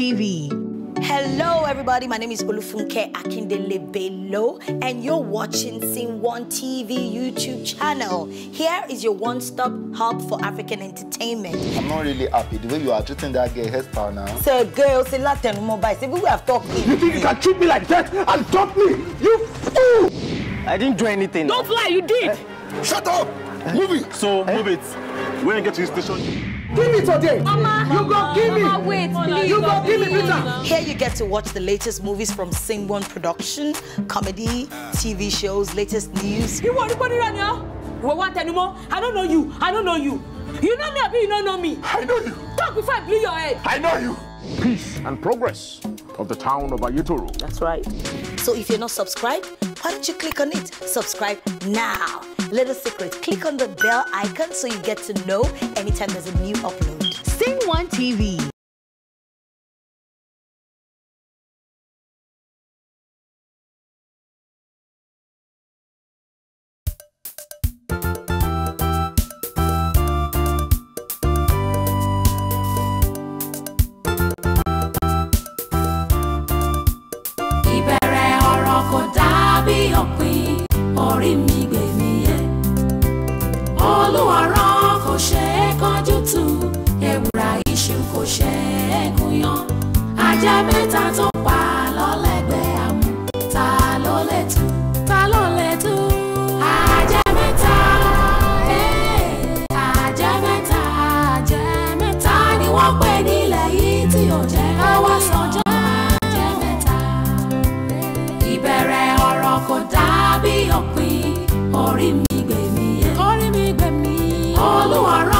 TV. Hello, everybody. My name is Olufunke Akindelebelo, and you're watching Scene One TV YouTube channel. Here is your one-stop hub for African entertainment. I'm not really happy the way you are treating that girl hairstyle now. say girl, say Latin mobile. Say we have talked. You think you can treat me like that and dump me? You fool! I didn't do anything. Don't lie, you did. Uh, Shut up. Uh, move it. So uh, move it. When you get to the station. Give me today. Mama, you go give me. Mama, wait, please. You go give me, Peter. Here you get to watch the latest movies from Singwon Production, comedy, TV shows, latest news. You want anybody right now? You want anymore? I don't know you. I don't know you. You know me, Abi. You don't know me. I know you. Talk before I blew your head. I know you. Peace and progress of the town of Ayutoro. That's right. So if you're not subscribed, why don't you click on it? Subscribe now. Little secret, click on the bell icon so you get to know anytime there's a new upload. Sing One TV. ajá mẹ́ta tó pa lọ́lẹ́gbẹ́ àmú ta ló lè tú ta ló lè tú. ajá mẹ́ta eh, ajá mẹ́ta ajá mẹ́ta ni wọ́n pè nílẹ̀ yìí tí ò jẹ́ káwá sọjọ́ ajá mẹ́ta. Eh. ìbẹ̀rẹ̀ ọ̀rọ̀ kò dàbí òpin orí mi gbèmí yẹn olùwàrà.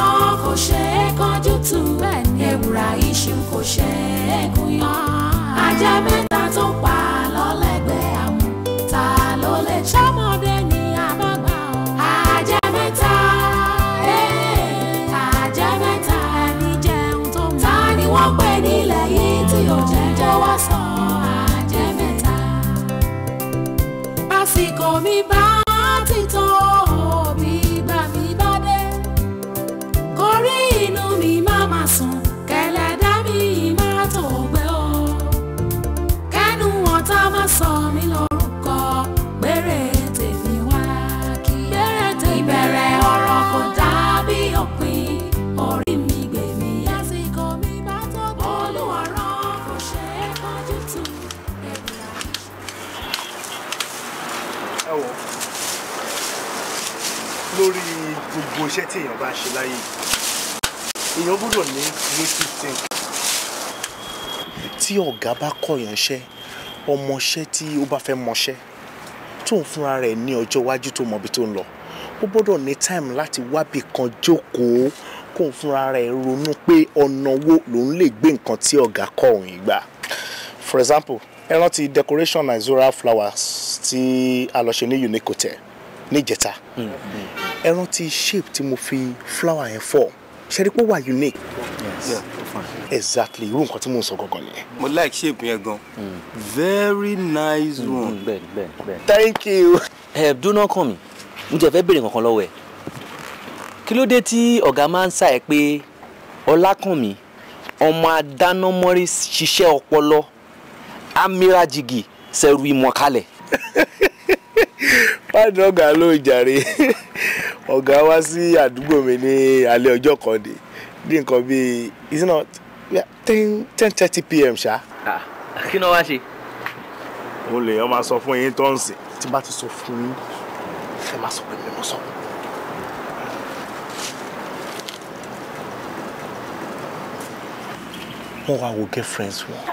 I'm diamond. iṣẹ́ tí èèyàn bá ṣe láyé èèyàn gbọ́dọ̀ ní creative thing. tí ọ̀gá bá kọ̀yàn ṣẹ́ ọmọṣẹ́ tí ó bá fẹ́ mọṣẹ́ tóun fúnra rẹ̀ ní ọjọ́ iwájú tó mọbi tó ń lọ ó gbọ́dọ̀ ní time láti wábì kan jókòó kóun fúnra rẹ̀ ronú pé ọ̀nà wo lòun lè gbé nǹkan tí ọ̀gá kọ̀ òun gbà for example ẹ rántí decoration Nigeria flowers ti a lọ ṣe ní Unique Hotel níjẹta ẹ rántí shape tí mo fi flower yẹn fọ ṣe wà unique. Yes. Yeah. exactly irú nǹkan tí mò ń sọ gangan nìyẹn. mo like shape yẹn gan. very nice mm, one. bẹ́ẹ̀ni bẹ́ẹ̀ni bẹ́ẹ̀ni. thank you. ẹ dúná kàn mí n jẹ fẹ́ béèrè kankan lọ́wọ́ ẹ kí ló dé tí ọ̀gá máa ń sà ẹ pé ọlákànmí ọmọ adánámọ́rí ṣiṣẹ́ ọpọlọ amírajìgì ṣẹ̀rù ìmọ̀kalẹ̀. báyìí ọ̀gá ló jàre ọ̀gá wá sí àdúgbò mi ní alẹ́ ọjọ́ kan dé ní nǹkan bíi is not ten ten thirty pm ṣá. kí ni wọ́n wá ṣe. mo lè ọ máa sọ fún yín tó ń sìn tí bá ti sọ fún yín ẹ máa sọ pé mi mo sọ. wọ́n wá wo girlfriends wọn.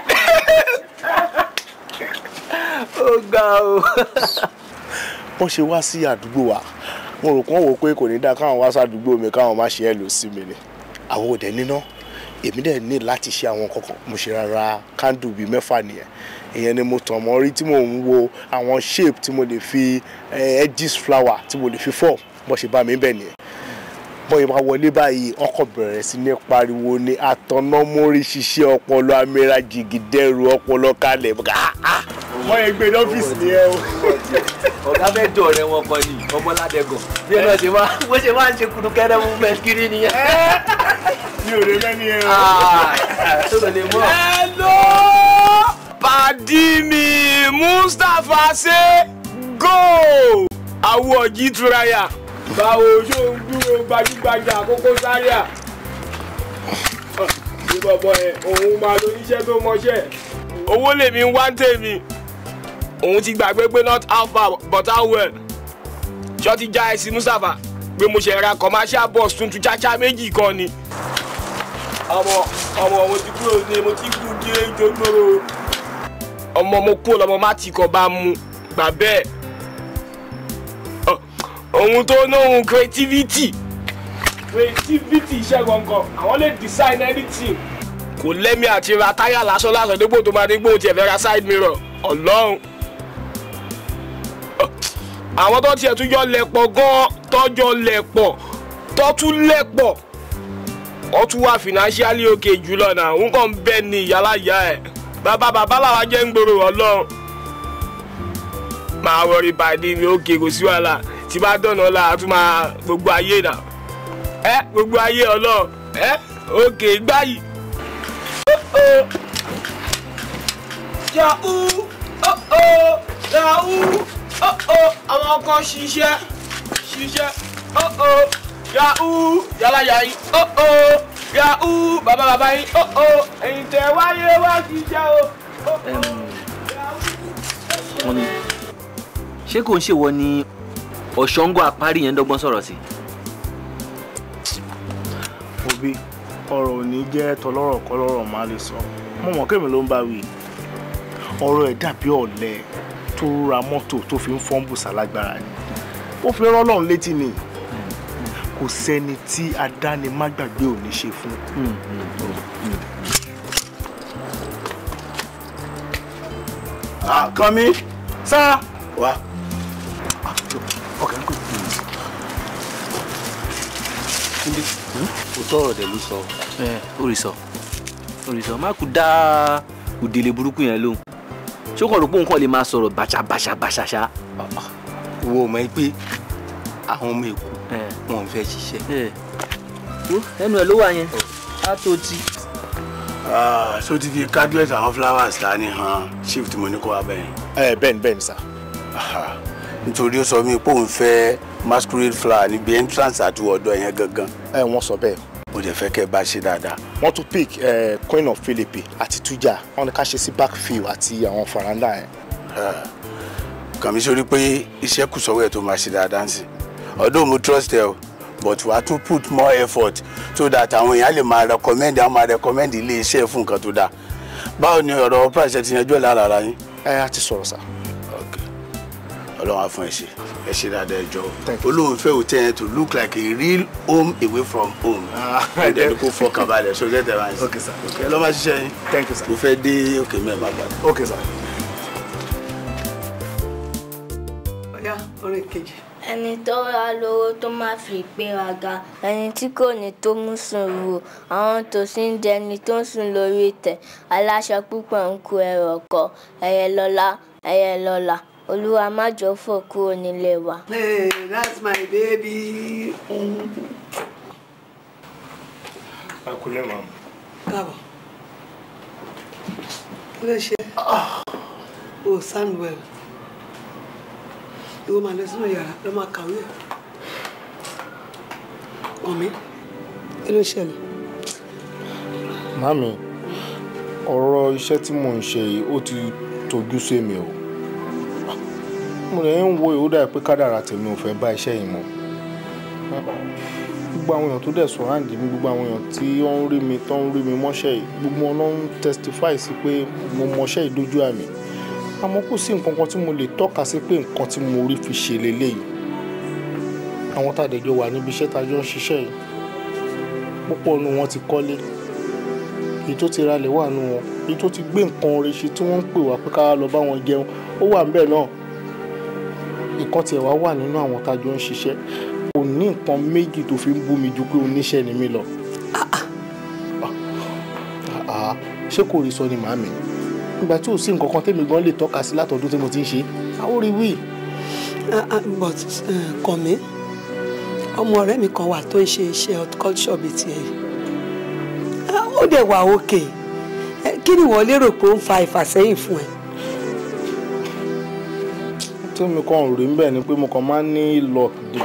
ó o. wọ́n ṣe wá sí àdúgbò wa mo rò kán wò pé kò ní dáa káwọn wá sádùúgbò mi káwọn má ṣe ẹ lò sí mi ni àwọn òdẹ níná èmi dẹ̀ ní láti ṣe àwọn kankan mo ṣe rárá kándù bíi mẹ́fà nìyẹn ìyẹn ni mo tàn mọ́ rí tí mò ń wo àwọn shape tí mo lè fi eh, edges flower tí mo lè fi form bó ṣe bá mi bẹ̀ nìyẹn bọ́yì máa wọlé báyìí ọkọ̀ bẹ̀rẹ̀ sí ní pariwo ni àtọ̀nàmórí ṣiṣẹ́ ọpọlọ amẹ́ra jìgìdẹ́rù ọpọlọ kalẹ̀ ah, ah. wọ́n yẹ gbé lọ́fíìsì ni ẹ o. ọ̀gá fẹ́ jọ ọ̀rẹ́ wọn kan ni ọmọládẹ́gàn bí ẹ náà ṣe máa bó ṣe máa ń ṣe kúrú kẹ́rẹ́ mú mẹ́kiri nìyẹn. mi ò lè mẹ́ni ẹ o. Ah, tó lọ lè mọ́. hello pàdí mi Mustapha ṣe go àwọ̀ ọ̀jì túráyà báwo ṣó ń dúró gbajúgbajà Koko Zaria ní bọ̀bọ̀ yẹn òun máa lóníṣẹ́ tó mọṣẹ́. owó lèmi ń wá ń tèmi òun ti gbàgbé pé not how far but ṣọ́ọ́tì já ẹ̀sìn Mustapha pé mo ṣe ra commercial bus tuntun chacha méjì kan ni. ọmọ ọmọ mo ti kúrò ní mo ti kú dé ìjọ́gbọ́rọ̀. ọmọ mo kúrò lọ́mọ má ti kọ̀ bá mu gbà bẹ́ẹ̀ ohun tó náà creativity creativity iṣẹ́ gangan àwọn lè design anything kò lẹ́mí àti ra táyà lásán lásán dípò tó máa ní gbóhùn tiẹ̀ fẹ́ ra side mirror ọlọ́run àwọn tó tiẹ̀ tún yọ lẹ̀pọ̀ gan tọ́jọ́ lẹ̀pọ̀ tọ́tún lẹ̀pọ̀ ó tún wà financially okay jùlọ náà nǹkan bẹ́ẹ̀ ni ìyálàyà ẹ̀ bàbá bàbá làwọn jẹ́ ń gbòòrò ọlọ́run máa wọrí bàdí mi okay kò sí wàhálà tí bá dọ̀nà la tún máa gbogbo ayé nà ẹ gbogbo ayé ọlọ́ọ̀ ẹ òkè gbáyì. yahoo oh yahoo oh àwọn kan ṣiṣẹ́ ṣiṣẹ́ oh yahoo yàlàyà yìí oh yahoo bàbá bàbá yìí oh ẹ̀yìn tẹ̀ wáyé wá ṣiṣẹ́ o. wọ́n ní ṣé kò ń ṣèwọ ni ọ̀ṣọ́ngọ́ àparí yẹn dọ́gbọ́n sọ̀rọ̀ sí. òbí ọ̀rọ̀ ò ní jẹ́ tọlọ́rọ̀ kọlọ́rọ̀ máa lè sọ mo mọ̀ kémi ló ń bá wí ọ̀rọ̀ ẹ̀ dàbí ọ̀lẹ tó ra mọ́tò tó fi ń fọ́n bùsà lágbára ni ó fi rán Ọlọ́run létí ni kò sẹ́ni tí adánimágbàgbé ò ní ṣe fún. Ah, kàn mí sá. wá. Ah, Túndé òótọ́ hmm? ọ̀rọ̀ dẹ̀ ló sọ. ẹ òrìṣọ òrìṣọ má kú dá òdèlè burúkú yẹn lóhùn ṣé kò rò pé nǹkan lè máa sọ̀rọ̀ bàṣàbàṣàbàṣàṣà. wo mọ̀ pé àwọn ọmọ èkó wọn fẹ́ ṣiṣẹ́. ẹnu ẹ ló wà yẹn á tó ti. so ah, ti fi cadret àwọn flowers ta ni han shift mo ní kó wa bẹ́ẹ̀. ẹ bẹ́ẹ̀ ni bẹ́ẹ̀ ni nítorí ó sọ mí pé òun fẹ́ masquerade flower níbi entrance àti ọ̀dọ̀ yẹn gangan. ẹ wọ́n sọ bẹ́ẹ̀. mo dẹ̀ fẹ́ kẹ́ bá ṣe dáadaa. wọ́n tún pick queen of philippe àti tuja wọ́n ní ká ṣe sí backfield àti àwọn faranda yẹn. kàmí sórí pé iṣẹ́ kù sọ́wọ́ ẹ̀ tó máa ṣe dáadáa sí ọdún mo trust ẹ o but wàá tún put more effort so that àwọn èèyàn lè máa recommend àwọn máa recommend ilé iṣẹ́ fún nǹkan tó dáa báwo ni ọ̀rọ̀ price ẹ ti yanjú ẹ̀ lára ara yín. ẹ á ti sọ̀rọ̀ sá. ọlọ́run á fún ẹ ṣe ẹ ṣe dáadáa ẹjọ olóòfẹ́ hotel yẹn to look like a real home away from home ah, ẹ dẹni kó fọkàn balẹ̀ so get ẹ̀rọ àìsàn okay sir ẹ lọ́ ṣiṣẹ́ yín thank you sir mo fẹ́ dé òkè mẹ́ẹ̀ máa gbàdúrà. okay sir. ọ̀gá orin kejì. ẹni tó ra lówó tó máa fi ìgbéraga ẹni tí kò ní tó mú sùn rò àwọn tòsí ń dẹni tó ń sùn lórí ìtẹ́ aláṣọ púpọ̀ ń kó ẹrọ kọ ẹyẹ lọ́la ẹyẹ lọ́la olúwa má jọ fò kúrò nílé wa. hey that's my baby. a kò lè máa. káàbọ̀ kí ló ṣe o oh, samuel ìwọ máa lọ sínú yàrá lọ máa kàwé ọmọ kí ló ṣẹlẹ̀. mami ọ̀rọ̀ iṣẹ́ tí mò ń ṣe yìí ó ti tojú sí mi o mo lè ń wo ìhódà pé kádàrà tèmi ò fẹ́ bá iṣẹ́ yìí mọ́ gbogbo àwọn èèyàn tó dẹ̀ sọ ráǹdì mi gbogbo àwọn èèyàn tí wọ́n ń rí mi tó ń rí mi mọ́ṣẹ́ yìí gbogbo wọn ló ń testify sí pé mo mọṣẹ́ yìí dójú àmì àmọ́ kò sí nǹkan kan tí mo lè tọ́ka sí pé nǹkan tí mo rí fi ṣe leléyìí àwọn tá a dẹ̀jọ wà níbi iṣẹ́ tá a jọ ń ṣiṣẹ́ yìí púpọ̀ nu wọn ti kọ́lé èyí tó ti ralẹ̀ wà nu wọn èyí tó ti gbé nǹkan oríṣi tí wọ́n ń pè wá pé ká lọ bá wọn jẹun ó wà ń bẹ̀ náà ìkan tiẹ̀ wá wà nínú àwọn tájọ ń ṣiṣẹ́ kò ní nǹkan méjì tó fi ń bú mi ju pé oníṣẹ́ ni mí lọ. Ah, ah, ah. ṣé kò rí sọ ni màámi nígbà tí ò sí nǹkan kan tẹ́mi gan lè tọ́ka sí látọ̀dún tí mo ti ń ṣe àwọn orí wí. but eh, kàn mí ọmọ ọ̀rẹ́ mi kan wà tó ń ṣe iṣẹ́ culture bíi tiẹ̀ ó dẹ̀ wà òkè eh, kí ni wọ́n lérò pé ó ń fa ìfàsẹ́yìn fún ẹ tí mi kàn rí ń bẹ̀ ni pé mo kàn máa ń ní lock dé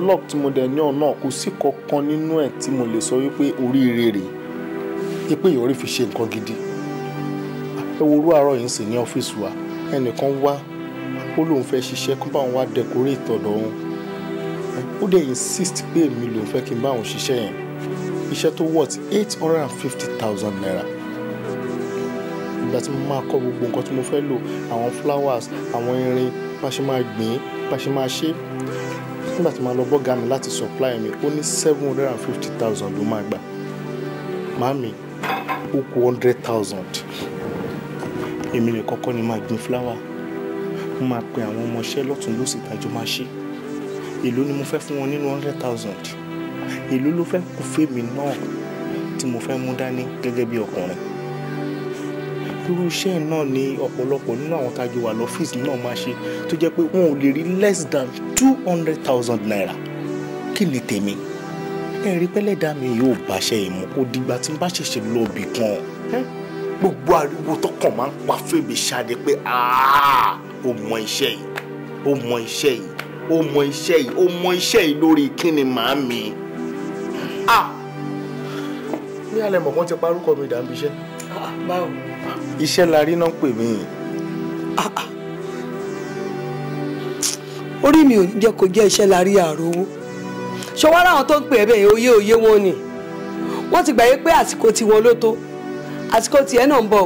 lock tí mo dẹ̀ ní ọ̀nà kò sí kankan nínú ẹ̀ tí mo lè sọ wípé oríire rèé pé ìyọrí fi ṣe nǹkan gidi ẹ àárọ̀ yìí ń sìn ní ọ́fíìsì wa ẹnìkan wá ó lóun fẹ́ ṣiṣẹ́ kó bá òun wá decorate ọ̀dọ̀ òun ó dẹ̀ insist pé èmi lòun fẹ́ kí n bá òun ṣiṣẹ́ yẹn iṣẹ́ tó worth eight hundred and fifty thousand naira ìgbà tí mo máa kọ gbogbo nǹkan tí mo fẹ́ lò àwọn flowers àwọn irin bá ṣe máa gbìn bá ṣe máa ṣe nígbà tí màá lọ bọ́gà mi láti supply mi ó ní seven hundred and fifty thousand ló máa gbà màámi ó kù hundred thousand èmi lè kọ́kọ́ ni máa gbin flower mo máa pe àwọn ọmọọṣẹ́ lọ́tún lósì tàjọ máa ṣe èló ni mo fẹ́ fún wọn nínú hundred thousand èló ló fẹ́ kù fèmí náà tí mo fẹ́ mú dání gẹ́gẹ́ bí ọkùnrin irú iṣẹ́ náà ni ọ̀pọ̀lọpọ̀ nínú àwọn tájọ wà lọ́fíìsì náà máa ṣe tó jẹ́ pé wọn ò lè rí less than two hundred thousand naira kí ni tèmi ẹ̀rí pẹ́lẹ́dà mi yóò bàṣẹ ìmọ̀ kó dìgbà tí n bá ṣẹ̀ṣẹ̀ lọ bì kan gbogbo ariwo tọkàn máa ń pa fèmí ṣáde pé ó mọ iṣẹ́ yìí ó mọ iṣẹ́ yìí ó mọ iṣẹ́ yìí ó mọ iṣẹ́ yìí lórí kíni màámi ah! bí alẹ́ mọ̀kàn ti parúkọ mi dà ń iṣẹ́. Ah, báwo iṣẹ́ la rí náà pè mí. Ah, ah. orí mi ò ní jẹ́ kó jẹ́ iṣẹ́ la rí àrò owó ṣọwọ́n láwọn tó ń pè ẹ́ bẹ́ẹ̀ oyé oyé wọn ni wọ́n ti gbàgbé pé àsìkò tiwọn ló tó àsìkò tiẹ̀ náà ń bọ̀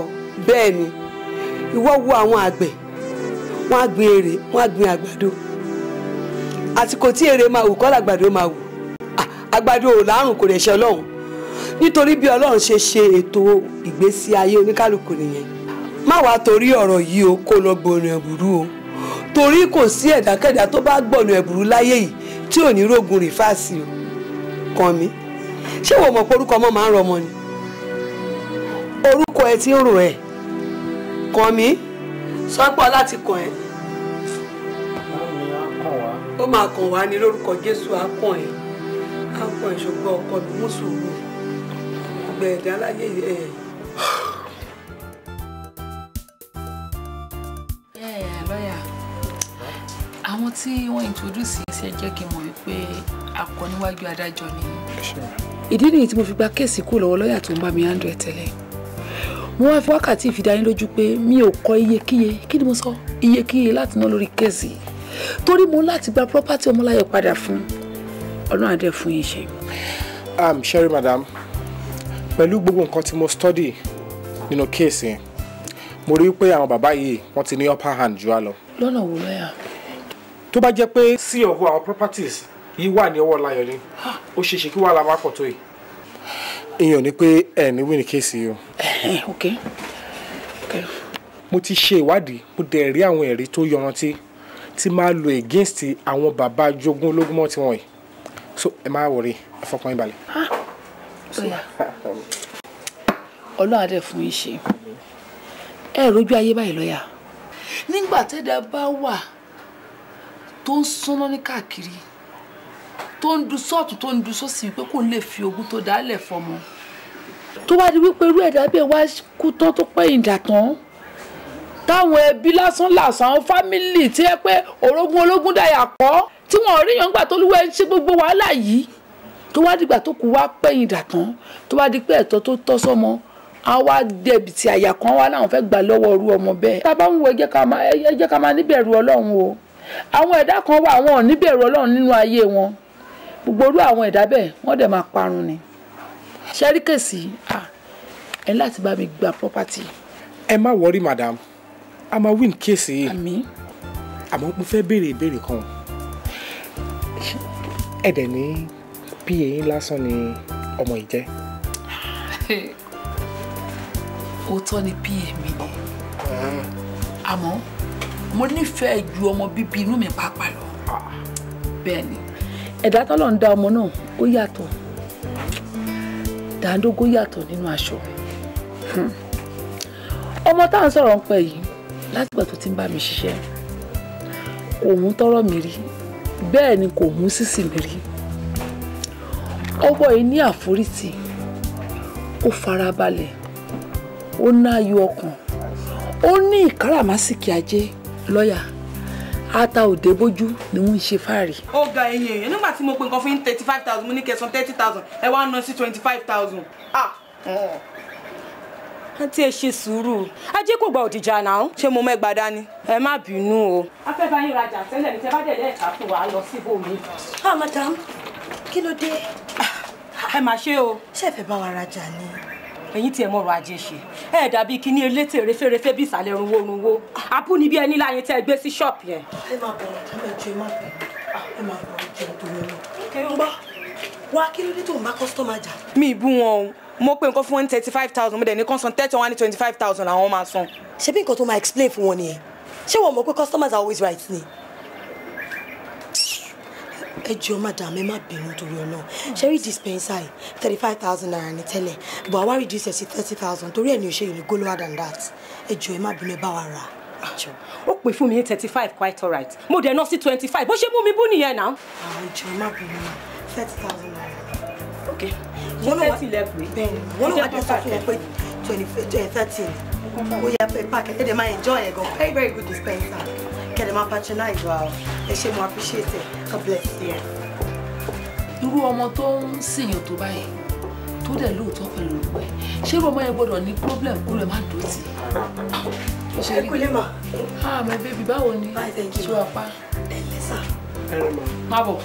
bẹ́ẹ̀ ni ìwọ wo àwọn àgbẹ̀ wọ́n á gbin èrè wọ́n á gbin àgbàdo àsìkò tí èrè máa wù kọ́ làgbàdo máa wù ah, àgbàdo ò lárùn kò rẹ̀ ṣe ọlọ́run nítorí bí ọlọ́run ṣe ṣe ètò ìgbésí ayé oníkálukú nìyẹn má wàá torí ọ̀rọ̀ yìí o kó lọ gbọ̀nà ẹ̀bùrú o torí kò sí ẹ̀dákẹ́dá tó bá gbọ̀nà ẹ̀bùrú láyé yìí tí ò ní rógun rìfáàsì o kàn mí ṣé wo mọ̀ pé orúkọ ọmọ máa ń rọmọ ni orúkọ ẹ ti ń rò ẹ kàn mí sọ pé ọlá ti kàn ẹ́ ó máa kàn wá ní lórúkọ Jésù á kàn ẹ́ á kàn ẹ́ ṣùgbọ́n ọkọ mi mú sùúrù gbogbo ẹ̀dá láyé ẹ̀. lọ́yà àwọn tí wọ́n introduce sí ẹ jẹ́ kí n mọ̀ wípé akọ níwájú adájọ́ ni. ìdí nìyí tí mo fi gba kéèsì kúrò lọ́wọ́ lọ́yà tó ń bá mi handle ẹ̀ tẹ́lẹ̀ mo wá fi wákàtí ìfidánilójú pé mi ò kọ iyekíye kí ni mo sọ iyekíye láti ná lórí kéèsì torí mo láti gba property ọmọláyọ̀ padà fún ọlọ́run adé fún yín ṣe. am um, sherry madam pẹ̀lú gbogbo nǹkan tí mo study nínú kéèsì yẹn mo rí pé àwọn bàbá yìí wọ́n ti ní upper hand jù á lọ. lọ́nà wo lọ́yà. tó bá jẹ́ pé sí ọ̀gọ́ àwọn properties yìí wà ní ọwọ́ Láyọ̀ ni ah! ó ṣeé ṣe kí wàhálà má pọ̀ tó yìí. ìyàn ni pé ẹ ní wí ní kéèsì yìí o. okay okay. mo ti ṣe ìwádìí mo dẹ̀ rí àwọn ẹ̀rí tó yọrantí tí máa lo against àwọn bàbá jogún ológun mọ́ tiwọn yìí so ẹ má wọrí ẹ fọkàn yín balẹ̀. Ah! ọlọ́run adé fún yín ṣe ẹ rojú ayé báyìí lọ́yà nígbà tẹ́dá bá wà tó ń súná ní káàkiri tó ń du sọ́ọ̀tù tó ń du sósì wípé kò lè fi ogún tó dálẹ̀ fọmọ tó wá di wípé irú ẹ̀dá bẹ́ẹ̀ wá kú tán tó pẹ́ ìdà tán táwọn ẹbí lásán làsàn àwọn fámìlì tí ẹ pé orogún ológun dàyà kọ́ tí wọ́n rí yàn gbà tó lúwẹ́ ń ṣe gbogbo wàhálà yìí tó wá dìgbà tó kù wá pẹ̀yìn dàtán tó wá di pé ẹ̀tọ́ tó tọ́ sọ́mọ a wá dẹ̀bi tí àyà kan wá láwọn fẹ́ gbà lọ́wọ́ irú ọmọ bẹ́ẹ̀. tá a bá ń wo ẹ jẹ́ ká máa níbẹ̀rù ọlọ́run o àwọn ẹ̀dá kan wà àwọn ò níbẹ̀rù ọlọ́run nínú ayé wọn gbogbo orú àwọn ẹ̀dá bẹ́ẹ̀ wọ́n dẹ̀ máa parun ni. ṣẹ́ríkèsì à ẹ láti bá mi gba property. ẹ má wọrí madam a máa win kéèsì yìí àmọ́ mo fẹ́ béèrè ìbéèrè kan ẹ̀dẹ̀ ní bí eyín lásán ni ọmọ yìí jẹ́. òótọ́ ni pa mi ni àmọ́ mo nífẹ̀ẹ́ ju ọmọ bíbí inú mi pàápàá lọ bẹ́ẹ̀ ni ẹ̀dá tọ́lọ̀ ń dá ọmọ náà ó yàtọ̀ dàńdógó yàtọ̀ nínú aṣọ hmm. ọmọ tá à ń sọ̀rọ̀ ń pẹ́ yìí látìgbà tó ti ń bá mi ṣiṣẹ́ kò mú tọ́rọ̀ mi rí bẹ́ẹ̀ ni kò mú sísì mi rí ọwọ́ yìí ní àforítì ó farabalẹ̀ ó náyọ ọkàn ó ní ìkáràmásìkì ajé lọ́yà ata òde bójú ni wọ́n ń ṣe fáàrí. ó ga ẹyin èèyàn nígbà tí mo pe nǹkan fún yín thirty five thousand mo ní kẹsàn-án thirty thousand ẹ wá ná sí twenty five thousand. àǹtí ẹ ṣe sùúrù ajé kò gba òdìjà náà ṣé mo mẹ́gbàá dání ẹ má bínú o. afẹ́fẹ́ yín rajà tẹ́lẹ̀ ní tẹ́ bá dẹ̀ lẹ́ẹ̀ka fún wa lọ síbòmí. ah madam kí ló dé ẹ máa ṣe o. ṣẹ́ẹ̀fẹ̀ bá wa rajà ni. ẹ̀yin tí ẹ mọ̀rọ̀ ajé ṣe ẹ dàbí kíní elétè referefe bí ìsàlẹ̀ runwo runwo abú ni bí ẹni láyé tẹ́ ẹ gbé sí ṣọ́ọ̀pù yẹn. ẹ máa bọ̀ ẹ jẹ má bẹ̀ ẹ máa bọ̀ ẹ jẹ nítorí ọlọ. gbọ́ wa kí ló dé tó ń bá kọ́sítọ́mà jà. mi bú wọn o mo pe nǹkan fún wọn ní thirty five thousand mo dẹ̀ ní kan san thirty one ní twenty five thousand àwọn máa san. ṣebí nǹkan tó máa explain fún wọn nìyẹn ṣé wọn mọ̀ pé customers are always right ni ẹ jọ̀ọ́ madam ẹ má bínú torí ọlọ́run sherry dispenser yìí thirty five thousand naira ní tẹ́lẹ̀ but àwa reduce ẹ̀ sí thirty thousand torí ẹ̀ ní òṣèlú ní go lower than that ẹ jọ̀ọ́ ẹ má bínú ẹ bá wa rà á. Ah, ó pè fún mi ní thirty five quite alright mo dẹ̀ ná sí twenty five bó ṣe mú mi bú nìyẹn náà. àwọn ah, ìjọ ẹ má bínú thirty thousand naira. ok wọ́n ló wá bẹ́ẹ̀ ni wọ́n ló wá dé sọ fún wọn pé twenty eh, thirteen ó yẹ pé pack ẹ̀ ẹ̀ dẹ̀ máa enjoy ẹ̀ gan very very good dispenser kẹ́lẹ̀ máa patronize wa o ẹ ṣe mo appreciate it you. irú ọmọ tó ń sìyàn tó báyìí tó dẹ̀ lóòótọ́ pẹ̀lú olùkọ́ ẹ̀ ṣé ọmọ yẹn gbọ́dọ̀ ní problem kó lè má dùn sí i. ẹ kúlẹ̀ mà. ah my baby báwo ni ṣé wàá pa. má bọ̀.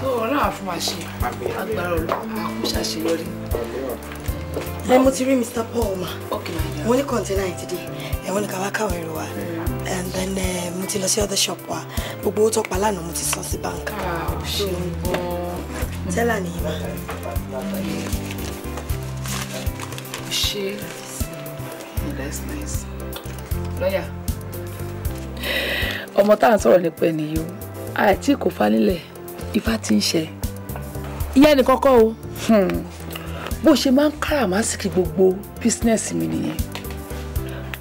tó ọlọ́run àfún wa ṣe agbára olùkọ́ àkúṣàṣeyọrí. Then mo see Mr. Paul ma wọ́n ní kọ̀ǹtẹ́nà yìí ti dé ẹ wọ́n ní ká wá káwé rẹ wa and then eh, mo ti lọ sí other shop We gbogbo owó tó pa lánàá mo ti san sí bank. Ah, tẹ́lá nìyí ma. ṣe that's nice. lọ́yà ọmọ tá à ń sọ̀rọ̀ nípa ẹni yìí o àìtí kò fa nílẹ̀ ifá ti ń ṣe ìyá ẹnì kọ́kọ́ o. Hmm bó ṣe máa ń káràmásìkì gbogbo bísínẹ́sì mi nìyẹn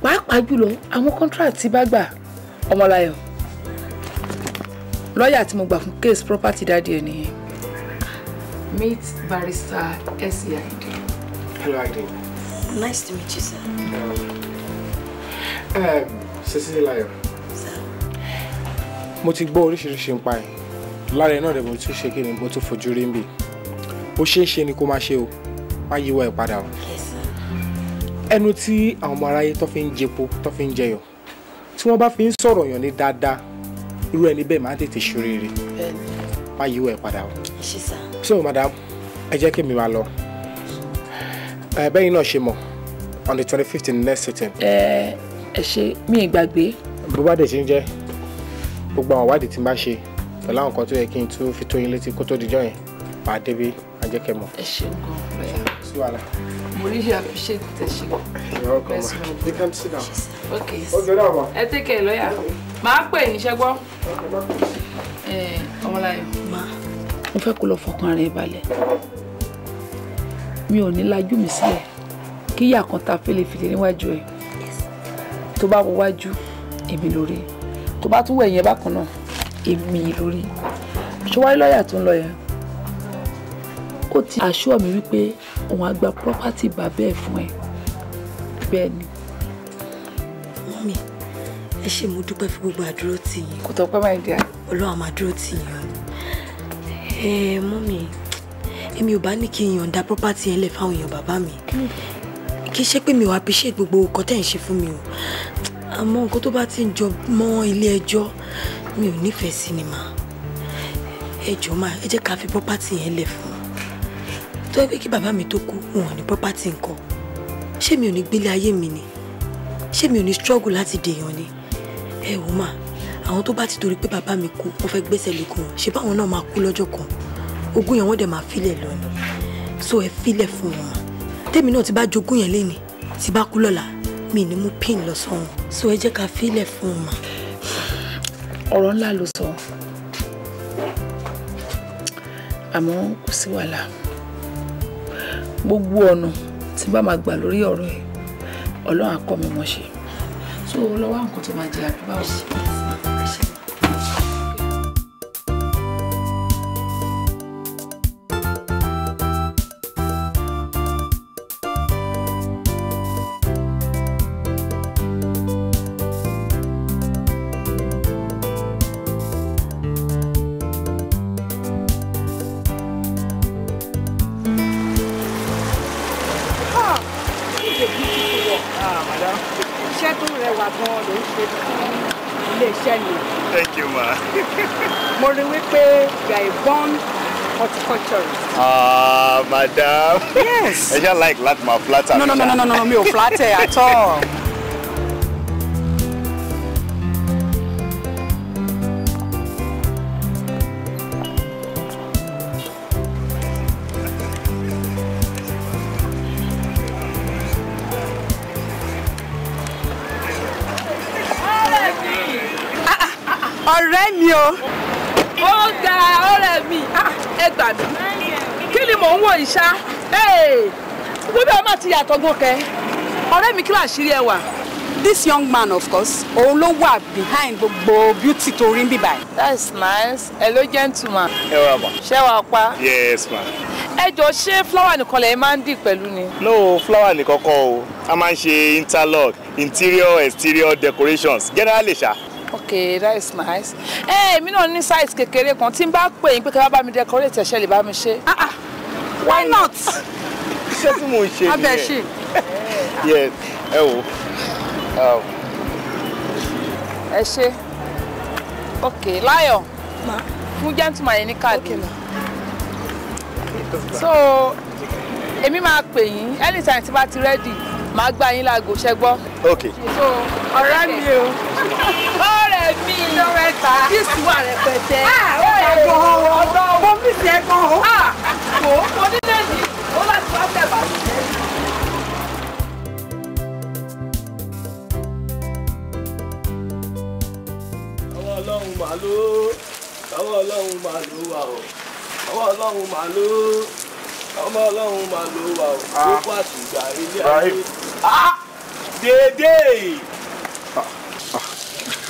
pàápàá jùlọ àwọn contract tí bá gbà ọmọláyọ̀ lọ́ọ̀yà tí mo gbà fún case property dáàdi ẹ̀ nìyẹn. meet barrister S.E. Ayinde. hello Ayinde. nice to meet you sir. Um, um, Cecilia Layo mo ti gbọ́ oríṣiríṣi ń pa ẹ̀ lára ẹ̀ náà rẹ̀ mo tún ṣe kí ni mo tún fojú rí ń bì ó ṣeé ṣe ni kó má ṣe o wá yíwọ́ ẹ̀ padà o ẹnu tí àwọn ọmọ aráyé tó fi ń jẹpo tó fi ń jẹyọ tí wọ́n bá fi ń sọ̀rọ̀ yàn ní dáadáa irú ẹni bẹ́ẹ̀ máa ń tètè ṣoríire wá yíwọ́ ẹ̀ padà o so madam ẹ jẹ́ kí mi máa lọ bẹ́yìn náà ṣe mọ̀ on the twenty fifth next sitting. ẹ ẹ ṣe mi ì gbàgbé. bó bá dẹ̀ ṣe ń jẹ́ gbogbo àwọn ìwádìí tí n bá ṣe pẹ̀lú àwọn nǹkan tó yẹ kí n tún fi tó létí kó tó dijọ́ yẹn pàdé bí ajẹ́kẹ́ ẹ ṣeun gan-an sí wàhálà. mo really appreciate the shit. you're welcome ma you come sit down. okay okay dáa ma. ẹ take care lọ́yà máa pè ní iṣẹ́ gbọ́. ọmọláyọ̀. ma mo fẹ́ kó lọ fọkàn rẹ̀ balẹ̀ mi ò ní lajú mi sílẹ̀ kíyà kan ta fèlèfèlè níwájú ẹ̀ tó bá wo wájú èmi lórí tó bá tún wọ ẹ̀yìn bákan náà èmi lórí ṣọwárí lọ́ọ̀yà tó ń lọ yẹn ó ti assure mi wípé òun á gba property bàbá ẹ̀ fún ẹ bẹ́ẹ̀ ni. mọ́mí ẹ ṣe mo dúpẹ́ fún gbogbo àdúró tì yín. kò tọ́pẹ́ máa dí a. ọlọ́run àmà dúró tì yín ẹ mọ́mí èmi ò bá ní kí n yọ̀ǹda property yẹn lẹ̀ fáwọn èèyàn bàbá mi kì í ṣe pé mi ò appreciate gbogbo nǹkan tẹ̀ ń ṣe fún mi o àmọ́ nǹkan tó bá ti ń jọ mọ́ ilé ẹjọ́ mi ò nífẹ̀ẹ́ sí ni mà ẹ jọ̀ọ́ mà ẹ jẹ́ ká fi property yẹn lẹ̀ fún tó yẹ pé kí bàbá mi tó kú wọn ní property nǹkan ṣé mi ò ní gbélé ayé mi ni ṣé mi ò ní struggle láti dèèyàn ni ẹ wò má àwọn tó bá ti torí pé bàbá mi kú wọn fẹ́ gbẹ́sẹ̀ lógun ṣé báwọn náà máa kú lọ́jọ́ kan ogún yẹn wọ́n dẹ̀ máa filẹ̀ lọ ni so ẹ filẹ̀ fún wọn tèmi náà ti bá jogún yẹn léni ti bá kú lọ́la mi ni mú pin lọ sọ́run so ẹ jẹ́ ká filẹ̀ fún wọn. ọ̀rọ̀ ńlá ló sọ àmọ́ kò sí wàhálà gbogbo ọ̀nà tí bá máa gbà lórí ọ̀rọ̀ ẹ̀ ọlọ́run á kọ́ mi mọ̀ ṣe so lọ́wọ́ nǹkan tó máa jẹ àbí báwo. ẹ ṣáà like láti máa flatter. no no no no no mi ò flatter at all. ọ̀rẹ́ mi o. ó ga ọ̀rẹ́ mi ah, ẹ gbà mí kí ni mò ń wò yìí ṣá wá ti yàtọ̀ gan kẹ́ ọ̀rẹ́ mi kí wàá ṣírí ẹ wà. this young man of course òun ló wà behind gbogbo beauty tó rí bíbá ẹ. that's nice hello gentleman. ẹ wà mà. ṣé wàá pa. yes ma. ẹ jọ ṣé flower nìkan lẹ máa ń dì pẹ̀lú ni. no flower nìkan kọ́ o a máa ń ṣe interlock interior exterior decorations generally ṣá ok that is nice. ẹ èmi náà ní size kékeré kan tí n bá pè yín pé kí wọ́n bá mi decorate ẹ̀ṣẹ̀ lè bá mi ṣe. Ah, ah. why not. iṣẹ́ tí mò ń ṣe nìyẹn abẹ́ ṣe yes ẹ wò um, ẹ ṣe ok láyọ̀ fún gentleman yẹn ní káàdì so èmi máa pè yín anytime tí bá ti rẹ́dì màá gba yín láago ṣẹ gbọ́. ok so ọ̀rẹ́ mi o ọ̀rẹ́ mi lọ́wẹ́ta bísí wà rẹpẹtẹ ẹ̀ẹ́dẹ̀gbọ̀n ọ̀dọ́ ọ̀gbọ́n bísí ẹ̀gbọ̀n o. Ah, ọlọ́run mà ló ọwọ́ ọlọ́run mà ló wà o ọwọ́ ọlọ́run mà ló ọmọ ọlọ́run mà ló wà o gbogbo àtìgbà ilé ayé dédé.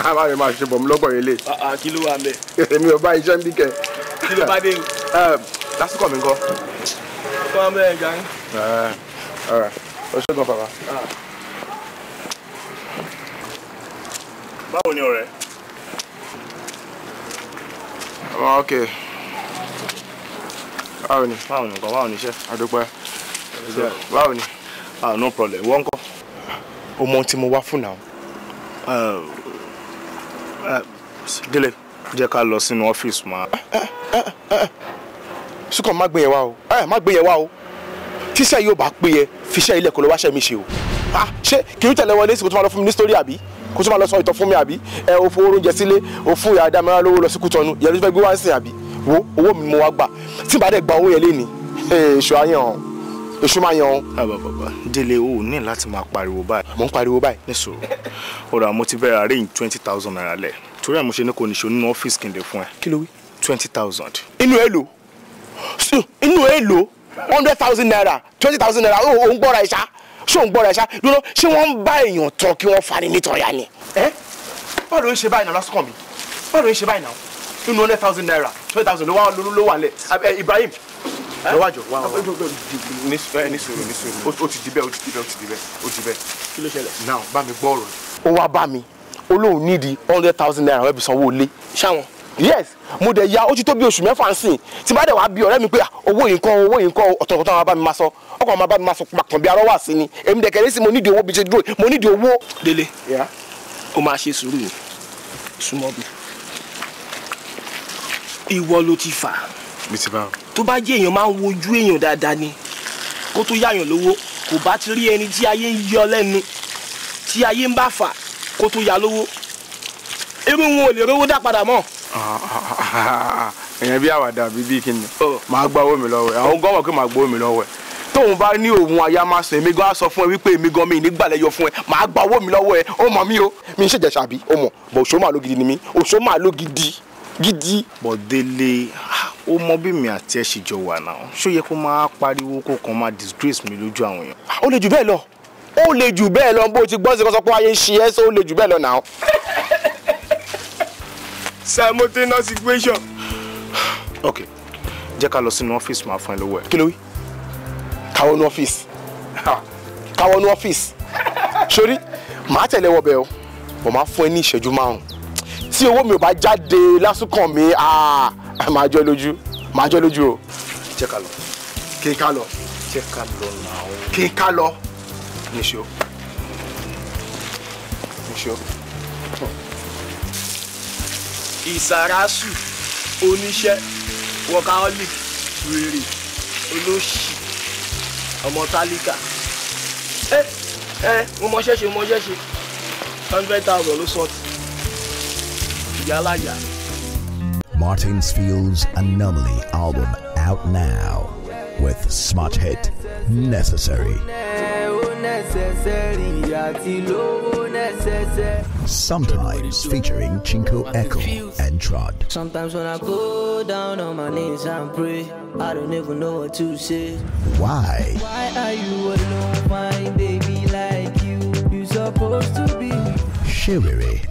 a máa yẹ máa ṣe bọ̀ mí lọ́gbọ̀n yẹn lé. kí ló wà mẹ́. èmi ò bá iṣẹ́ ń bí kẹ. kí ló bá dé. lásìkò mi kọ́ kọ́ ọmọ ẹ̀ gan. ọṣẹ Ah. bàbá. báwo ni ọ̀rẹ́. ọmọ ah, ok báwo ni. báwo ni nǹkan báwo ni iṣẹ́. àdúpẹ́ báwo ni. ah no problem wọ́n kọ́. o mọ ohun tí mo wá fún náà. Eh, eh, délé jẹ́ ká lọ sínú ọ́fíìsì máa. Eh, Sùkàn má gbé yẹn wá o ẹ má gbé yẹn wá o tíṣẹ́ yóò bá pé yẹ fiṣẹ́ ilẹ̀ kò lọ wáṣẹ́ mi ṣe o ṣé kì í tẹ̀lé wọlé sí kò tó máa lọ fún mi ní sítórí àbí kò tó máa lọ sọ ìtàn fún mi àbí ẹ o fún oorun jẹ sílé o fún ìyá adámẹ́rán lówó lọ sí kútọ́nu ìyẹn ló fẹ́ gbé wá ń sìn àbí wo owó mi mo wá gbà tí bá gba owó yẹn lé ni èṣù ayàn ọ̀hún èṣù máa yan ọ̀hún. bàbá bàbá délé o ní láti máa pariwo báyìí. mo ń pariwo báyìí. níṣó ọ̀rọ̀ àmọ́ ti bẹ̀rẹ̀ àárín twenty thousand naira lẹ̀ torí àmọ́ ṣe ní kò ní ṣe nínú ọ́fíìsì kìndé fún ẹ. kí ló wí. twenty thousand. inú ẹ lò so inú èlò hundred thousand naira twenty thousand naira ó ń gbọ́ra ẹ̀ṣá ṣó ń gbọ́ra ẹ̀ṣá lọ́nà ṣé wọ́n ń bá èèyàn tán kí wọ́n fani nítorí àní. ẹ báwo ló ń ṣe báyìí náà lásìkò mi báwo ló ń ṣe báyìí náà inú hundred thousand naira twenty thousand ló wà ló wà lẹ Ibrahim lọ́wájọ wà wà ní sòrò ní sòrò ó ti dibẹ́ ó ti dibẹ́ ó ti dibẹ́ ó ti dibẹ́ kí ló ṣẹlẹ̀ náà bá mi gbọ́ ọ̀rọ̀. ó wá bá mi olóhùn nídìí hundred thousand naira wẹ́ẹ̀bì sanwó-olé ṣáwọn yes mo dẹ̀ ya ojú tó bí oṣù mẹ́fà ń sìn tí bá dẹ̀ wá bí ọ̀rẹ́ mi pé ah, owó yìí kọ́ owó yìí kọ́ ọ̀tọ̀ọ̀tọ̀ àwọn bá mi máa sọ ọkọ̀ àwọn bá mi máa sọ pàkàn bí arọ́wà sí ni èmi dẹ̀ kẹ́lẹ́ sí mo nídìí owó bí ṣe dúró mo nídìí owó. délé o máa ṣe sùúrù ni súnmọ́ bí ìwọ ló ti fà tó bá jẹ́ èèyàn máa ń wojú èèyàn dáadáa ni kó tó yáyàn lówó kò bá ti rí ẹni tí ayé ń yọ lẹ́nu tí ayé ń bá fà kó tó yá lówó irú wọn ò lè rówó dá padà èèyàn bí àwàdà bíbí kí ni oh. màá gba owó mi lọ́wọ́ ẹ̀ àwọn gọ́wọ̀ pé màá gba owó mi lọ́wọ́ ẹ̀ tóun bá ní òun aya máa sọ èmi gan sọ fún ẹ wípé èmi gan mi nígbàlẹ̀ yọ fún ẹ màá gba owó mi lọ́wọ́ ẹ ó mọ̀ mí o. mi ń ṣèjẹsà àbí ó mọ̀ bọ̀ òṣó màá ló gidi ni mí òṣó màá ló gidi gidi. bọ̀délé ó mọ bí mi àti ẹ ṣì jọ wà náà ṣó yẹ kó máa pariwo kó kàn máa disgrace mi lójú àwọn èèyàn. ó lè jù bẹ́ẹ̀ lọ ó lè jù bẹ́ẹ̀ lọ bó ti gbọ́ sí kọ́sọ́pọ̀ ayé ń ṣe ẹ́ sọ ó lè jù bẹ́ẹ̀ lọ náà simultaneous equation. ok jẹ́ ká lọ sínú ọ́fíìsì máa fún ẹ lówó ẹ. kí ló wí káwọ́ ní ọ́fíìsì káwọ́ ní ọ́fíìsì sórí màá tẹ̀lé wọbẹ̀ o mo máa fún ẹ ní ìṣẹ́jú márùn-ún tí owó mi ò bá jáde lásùkàn mi ah, màá jọ lójú màá jọ lójú o. jẹ́ ká lọ kí n ká lọ jẹ́ ká lọ náà kí n ká lọ. níṣó níṣó. ìsárásù oníṣẹ́ workaholic wèrè olóṣì ọmọ tálíkà ẹ ẹ mo mọṣẹ́ ṣe mo mọṣẹ́ ṣe hundred thousand ló sọ ti ìyá aláya. Martinsfield's Anomaly album out now with smart hit Necessary. Sometimes featuring Chinko Echo and Trod. Sometimes when I go down on my knees and pray, I don't even know what to say. Why? Why are you alone, my baby, like you? You supposed to be Shiriri.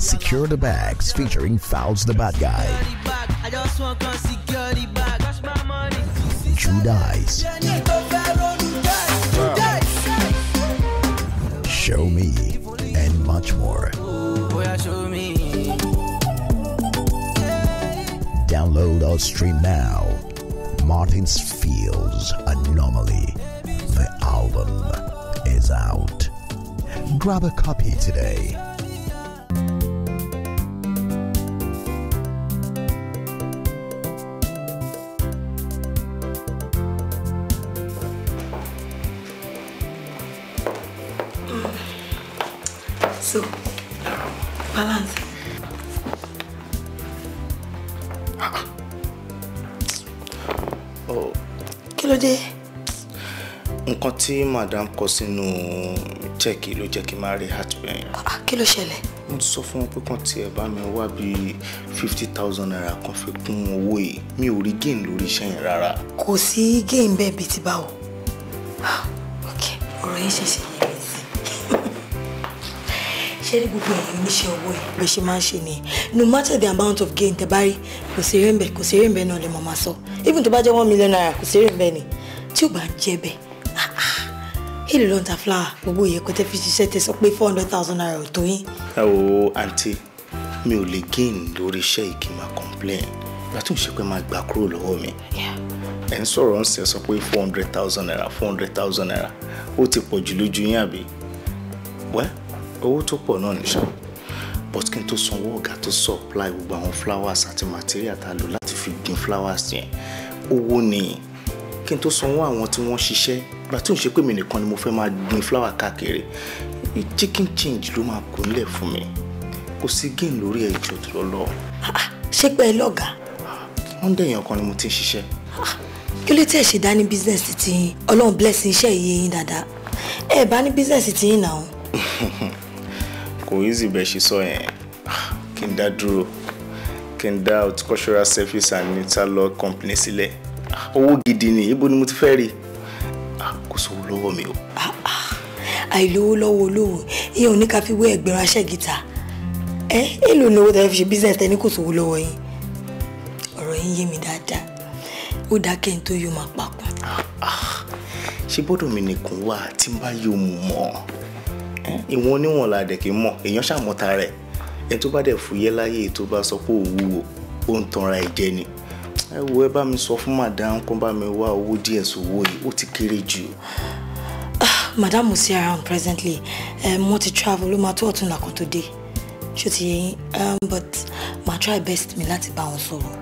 Secure the Bags featuring Fouls the Bad Guy. True Dice. Show Me, and much more. Download or stream now Martin's Fields Anomaly. The album is out. Grab a copy today. So, balance. Oh. Kí ló dé? Nǹkan tí madam kọ sínú chẹ́ẹ̀kì ló jẹ́ kí n máa rí heartburn. Ah, ah, kí ló ṣẹlẹ̀? Mo ti sọ fún wọn pé kàn tiẹ̀ bá mi wá bíi fifty thousand naira kan fi kún owó yìí mi ò rí gain lórí iṣẹ́ yẹn rárá. Kò sí gain bẹ́ẹ̀ bíi ti báwo. Ah, ok, ọ̀rọ̀ yín ṣẹ̀ṣẹ̀ yé mi ṣe rí gbogbo ẹ̀yìn oníṣẹ́ owó ẹ̀ bó ṣe máa ń ṣe nìyẹn no matter the amount of gain tẹ bá rí kò sí eré kò sí eré náà lè mọ̀ máa sọ even tó bá jẹ́ one million naira kò sí eré ń bẹ ni tí ò bá ń jẹ́ bẹ́ẹ̀ èlò ló ń ta flower gbogbo ìyẹn kò tẹ́ fi ṣiṣẹ́ tẹ sọ pé four hundred thousand naira ò tó yín. ẹ o àǹtí mi ò lè gain lórí iṣẹ́ yìí kí n máa complain ìgbà tó ń ṣe pé máa gbà kúrò lọ́wọ́ mi ẹ̀ ń sọ̀rọ̀ ń sẹ́ sọ pé four hundred thousand naira four hundred thousand naira ó ti pọ̀ jù lójú yín àbí wẹ́ẹ́ owó tó pọ̀ náà ní but kí n tó sanwó ọ̀gá tó supply gbogbo àwọn flowers àti material tá a lò láti fi gbin flowers yẹn owó ni kí n tó sanwó àwọn tí wọ́n ṣiṣẹ́ gbà tí ò ṣe pé mi nìkan ni mo fẹ́ máa gbin flower káàkiri chicken change ló máa kó nílẹ̀ fún mi kò sí gain lórí ẹ̀jọ̀ tó lọ́lọ́. Ah, ṣé pé ẹ lọ́gàá. wọ́n dẹ̀yìn ọkàn ni mo ti ń ṣiṣẹ́. Ah, kí ló tẹ̀ ṣe dá ní tí ọlọ́run bless iṣẹ́ yìí yín dáadáa ẹ bá ní bísíǹsì tí yín náà. kò easy bẹ́ẹ̀ ṣe sọ yẹn kí n dá dúró kí n dá horticultural service and interlaw company sílẹ̀ owó gidi ni ibo ni mo ti fẹ́ rí kò sówó lọ́wọ́ mi o. àìlówó lọ́wọ́ olówó ìyẹn ò ní ká fi wé ẹgbẹ̀rún aṣẹ́ gíta ẹ èlò lówó tẹ́ fi ṣe business tẹ́ ní kò sówó lọ́wọ́ yín ọ̀rọ̀ yín yé mi dáadáa ó dáa kí n tó yọ máa papọ̀. ṣé bọ́dọ̀ mi nìkan wà tí n bá yóò mọ́ ọ ìwọ̀n oníwọ̀n la dẹ̀ kì mọ̀ èèyàn ṣàmọ́ta rẹ̀ ẹni tó bá dẹ̀ fúyẹ́ láyé tó bá sọ pé òwúwo ó ń tanra ẹ̀ jẹ ni ẹ wo ẹ bá mi sọ fún madam kó bá mi wá owó díẹ̀ sówó yìí ó ti kéré jù. Ah, madam mo see around presently eh, mo ti travel ló máa tó ọ̀tún làkàn tó dé ṣó ti yẹ yín um, but ma try best mi láti bá wọn sọ̀rọ̀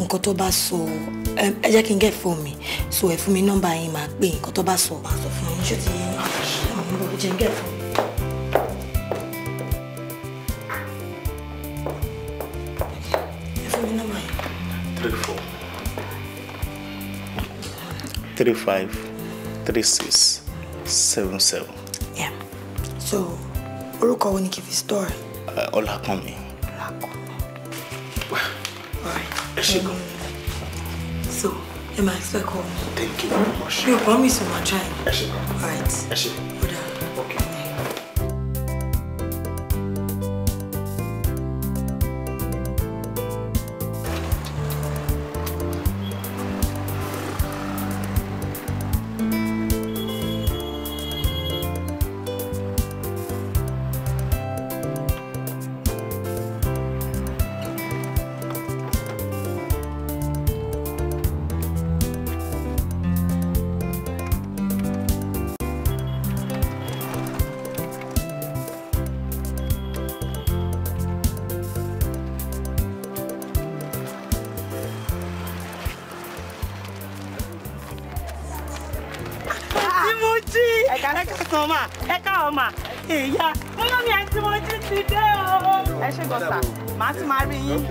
nǹkan tó bá sọ ẹ jẹ́ kí n get phone mi so ẹ fún mi nọ́mbà yín máa pè nǹkan tó bá sọ máa sọ fún yín ṣó ti yẹ yín. three six seven seven. yeah so orúkọ wo ni kì í fi store. Ọlákànmí. Ọlákànmí. all so. Am I expect home? Thank you very much. You promise you will try. All right. dé o. ẹ ṣe gọ́sà màá tún máa rí yín.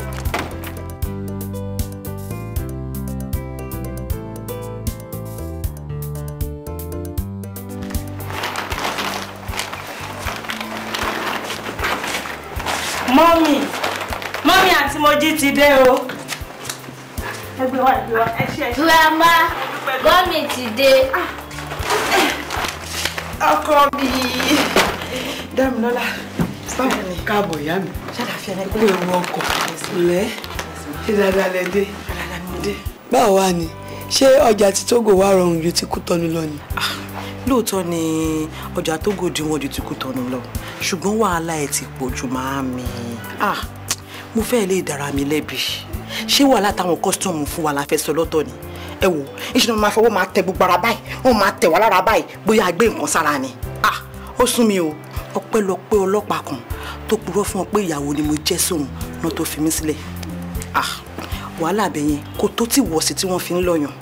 mọ́mì mọ́mì àti mojí ti dé o. ẹgbẹ́ wa ẹgbẹ́ wa ẹ ṣe ẹ ṣe. grandma mọ́mì ti dé. Ah, ọkọ mi Dámilọ́lá báwo ni káàbọ̀ ìyá mi ó lè wọ ọkọ̀ lẹ́ ṣé dáadáa lẹ dé báwo wá ni ṣé ọjà tí Tógò wá rọrùn ju ti Kútọ́nù lọ ni. Ah, lóòótọ́ ni ọjà Tógò díwọ̀n ju ti Kútọ́nù lọ ṣùgbọ́n wàhálà ẹ̀ ti pọ̀ jù máa mi ah, mo fẹ́ lè dára mi lẹ́bi ṣé wàhálà táwọn kọ́sítọ́ọ̀mù fún wa la fẹ́ sọ lọ́tọ̀ ni ẹ wò iṣẹ́ náà máa fọwọ́ máa tẹ gbogbo ara báyìí wọ́n máa tẹ̀ wá lára báyìí bóyá a nǹkan sára ni ah, ó sún mi o ọpẹ́lọpẹ́ ọlọ́pàá kan tó purọ́ fún ọ pé ìyàwó ni mo jẹ́ sóun náà tó fi mí sílẹ̀ ah wàhálà abẹ yẹn kò tó tí wọ̀ sí tí wọ́n fi ń lọ́yàn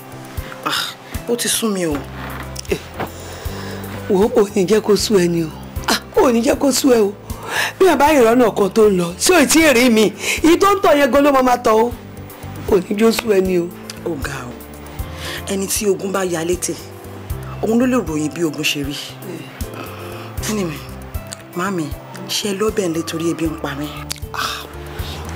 ah ó ti sún mi o. Eh, wò ó kò ní jẹ́ kó sú ẹni o ah kò ní jẹ́ kó sú ẹ o bí àbá ìrọ́nà kan tó ń lọ sí òì tí èrè mi èyí tó ń tọ̀ yẹn gan ló máa tọ̀ o kò ní jó sú ẹni o. ó ga o ẹni tí ogun bá ya létè òun ló lè ròyìn bí ogun ṣe rí. kí ni mi mami ṣe ló bẹ̀ lé torí ebi ń pa mí.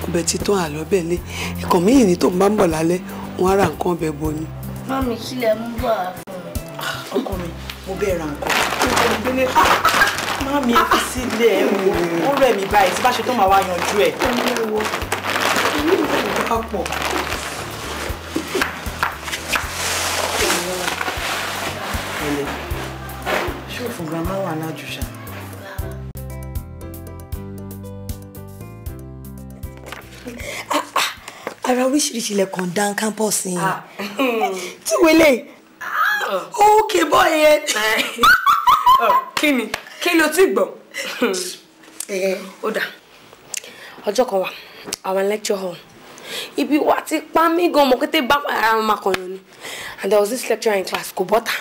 ọbẹ̀ ah, tí tó hàn lọ́bẹ̀ lé ẹ̀kọ́ mi ìní tó ń bá ń bọ̀ lálẹ́ wọn á ra nǹkan ọbẹ̀ bo ni. mami kí lẹ mú bọ̀ fún ah, mi. ọkọ mi mo bẹ̀ ra nǹkan. mami ẹ fi sílẹ̀ ẹ wo ó rẹ̀ mí báyìí tí bá ṣe tó máa wá yanjú ẹ̀. ṣé òfin grandma wà lájú ṣáà. ara oríṣiríṣi ilẹ̀kùn dan campus yẹn ah. tí wọlé òkè ah. bọ́ yẹn. Eh. Oh, kí ni kí ló ti gbọ́ eh. ó dà ọjọ́ kan wà Our lecture hall ibi wa ti pa mí gan mo kété bá ara wọn máa kọyàn ni and there was this lecturer in class kò bọ́ta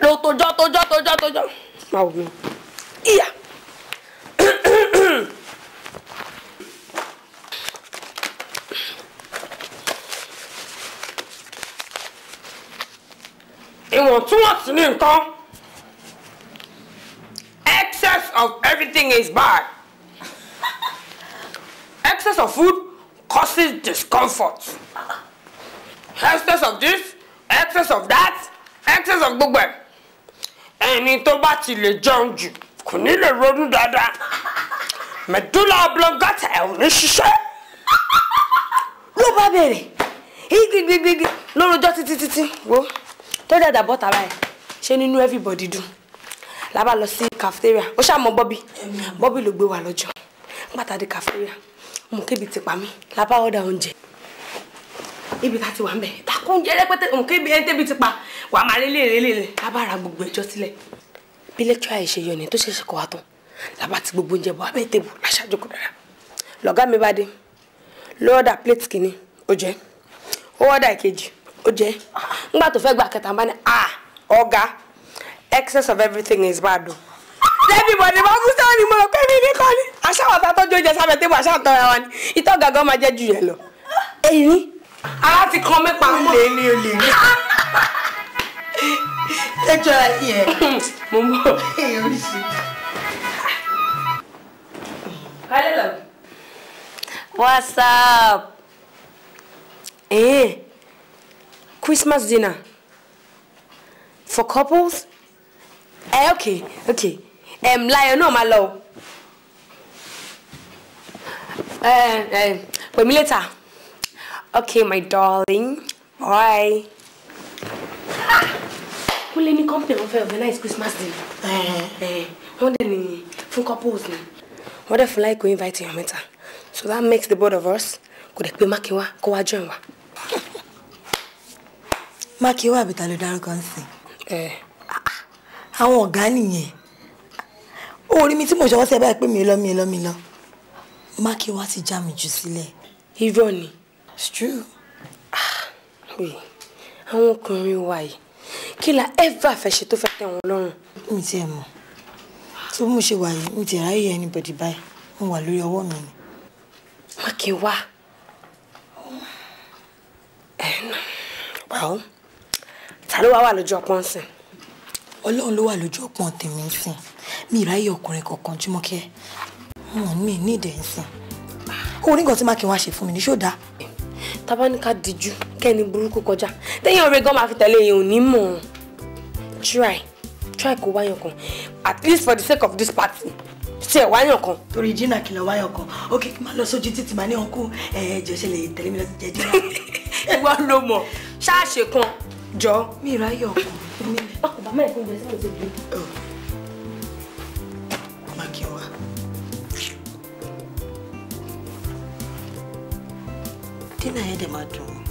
lọ tójọ́ tójọ́ tójọ́ tójọ́ máa wù mí Yeah. ìwọ̀ntúnwọ̀nsí ní nǹkan excess of everything is bad excess of food causes discomfort excess of this excess of that excess of gbogbo ẹ̀ ẹni tó bá ti lè jẹun jù kò ní lè ronú dáadáa medulla oblongata ẹ̀ ò ní ṣiṣẹ́. ló bá bẹ̀rẹ̀ igbigbigbigbi lórúkọ títí títí wo tó dàda bọ́ta báyìí ṣé nínú everybody dùn lábà lọ sí cafeteria ó ṣàmọ bọ́bí bọ́bí ló gbé wa lọ́jọ́ nígbàtà dé cafeteria mo kébi ti pa mí lábà ọ̀dà oúnjẹ ibi ká ti wà ń bẹ̀ takò oúnjẹ rẹpẹtẹ mo kébi ti pa wà á máa rí léèrè léèrè lábà ra gbogbo ẹjọ́ sílẹ̀ bí lẹ́kítọ́ àìṣe yọ ni tó ṣẹ̀ṣẹ̀ kọ́ wa tán lábà ti gbogbo oúnjẹ bọ̀ abẹ́ tèbù láṣáájú kò dára lọ́gá mi plate kìíní ó jẹ́ ó ọ̀dà ìkejì ó jẹ́ nígbà tó fẹ́ gbà kẹta bá ní ah ọ̀gá excess of everything is bad o. lẹ́bi bọ̀dé bá kú sọ́ọ́ ni mo rò pé mi ní kọ́ ni aṣáwọ̀ ta tọ́jú oúnjẹ sábẹ́ tébù aṣáà tọ́ ara wa ni ìtọ́ gàgán máa jẹ́ jù yẹn lọ. èyí ara ti kan mẹ́pa mọ́. olè ni olè ni. ẹ jọ ayé ẹ. mo ń bọ̀. What's up? Eh. Christmas dinner for couples. Eh, okay, okay. Um, Lion, no, my Eh, Uh, uh, wait me later. Okay, my darling. Bye. Kúnlé any company wọn a nice Christmas dinner. Wọ́n dẹ̀ ní for couples me. Eh. Eh, What if like we invite your mẹ́ta. So that makes the both of us. Kò be making Mákinwá kó wá join wa mákewá àbíta ló dárúkọ ń sìn. àwọn ọ̀gá nìyẹn ó rí mi tí mo ṣọwọ́ sí ẹ báyìí pé mi lọ mi lọ mi lọ mákewá ti já mi jù sílẹ̀. irọ́ ni. it's true. Ah, àwọn ọkùnrin wa yìí kí la ever fẹ́ ṣe tó fẹ́ tẹ̀ wọ́n lọ́rùn. mi ti ẹ̀ mọ̀ tó bí ṣe wà yìí mi ti ráyè anybody báyìí mo wà lórí ọwọ́ mi ni. mákewá. ẹ̀ náà. Well, ta ló wá wà lójú ọpọ́n ń sìn. ọlọ́run ló wà lójú ọpọ́n tèmi ń sìn mi ìráyè ọkùnrin kankan Jùmọ̀kẹ́ wọn mi ní ìdẹ̀ ń sìn òun nígbà tí mákin wá ṣe fún mi ní ṣòdá. tábà ní ká díjú kẹ́ni burúkú kọjá téèyàn rẹ gan máa fi tẹ̀lé èèyàn ò ní mọ̀ try try kó wáyàn kan at least for the sake of this party tí ẹ wáyàn kan. torí jìnnà kìlọ̀ wáyàn kan ó kì í máa lọ sójú títì máa ní ọkọ ẹ̀ẹ́dẹ̀ẹ́sẹ̀ lè tẹ̀lé mi lọ sí jẹjẹrẹ. ìwọ ló mọ̀ ṣáà ṣe kan jọ mira ráyè ọkọ ah, mi. ọkọ bàmá ẹ̀kọ́ ìgbésí mo ti bí. má kí n wá. dínà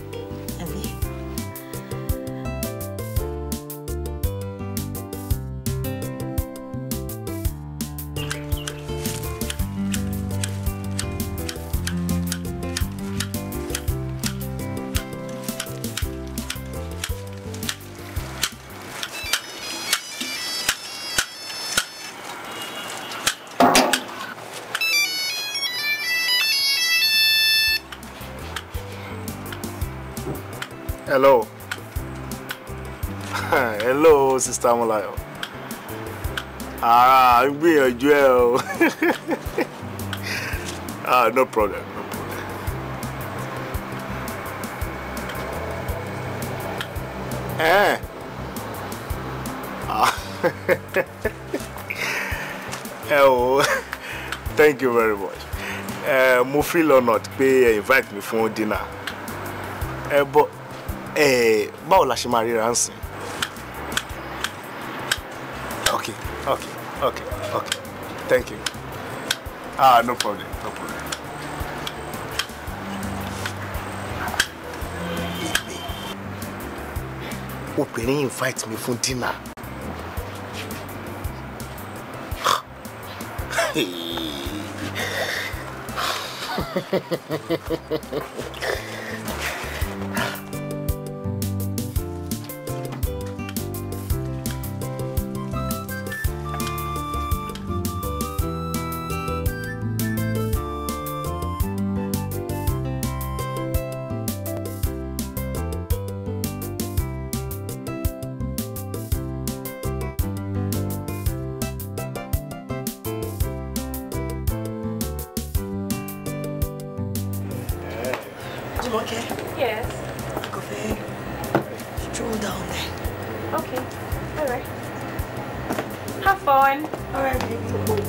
Hello. Hello, Sister Molayo. Ah, I'm gbìyànjú ẹ o. Ah, no problem. Eh. Ah. Hello. thank you very much. Eh, mo or not? pé invite me for dinner. Eh, but Eh, báwo la ṣe máa ríra ń sìn. ok ok ok ok thank you ah no problem no problem. obìnrin invite me fún dinner. Hey. Jumoke? Yes? Go for stroll down there. Okay. Alright. Have fun. Alright, baby.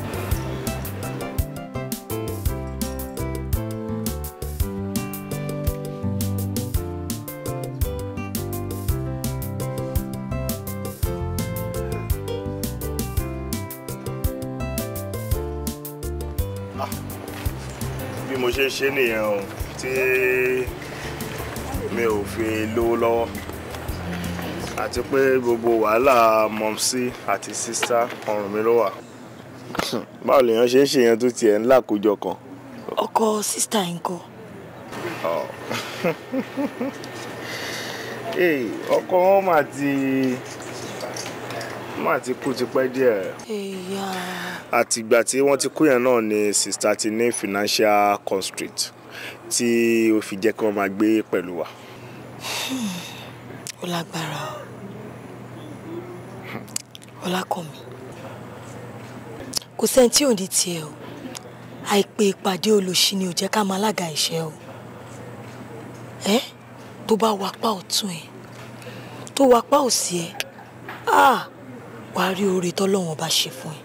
Ah, ṣe ṣe nìyẹn o tí fi lówó lọ́wọ́ àti pé gbogbo wàhálà mọ̀mísí àti sísá ọrùn mi ló wà. báwo lèèyàn ṣe ń ṣèyàn tó tiẹ̀ ńlá àkójọ kan. ọkọ sísá ń kọ́. ọkọ wọn mà ti mà ti kú tipẹ́ díẹ̀. àtìgbà tí wọ́n ti kú yẹn náà ni sísá ti ní financial constraint tí ó fi jẹ́ kí wọ́n máa gbé pẹ̀lú wa ó lágbára o ọlákànmí kò sẹ́ni tí ò ní tiẹ̀ o àìpé ìpàdé olóṣì ni ò jẹ́ ká máa lága ìṣẹ́ o ẹ́ tó bá wapá ọ̀tún ẹ̀ tó wapá òsì ẹ̀ áà ah, wàá rí oore tọ́lọ́wọ́n bá ṣe fún ẹ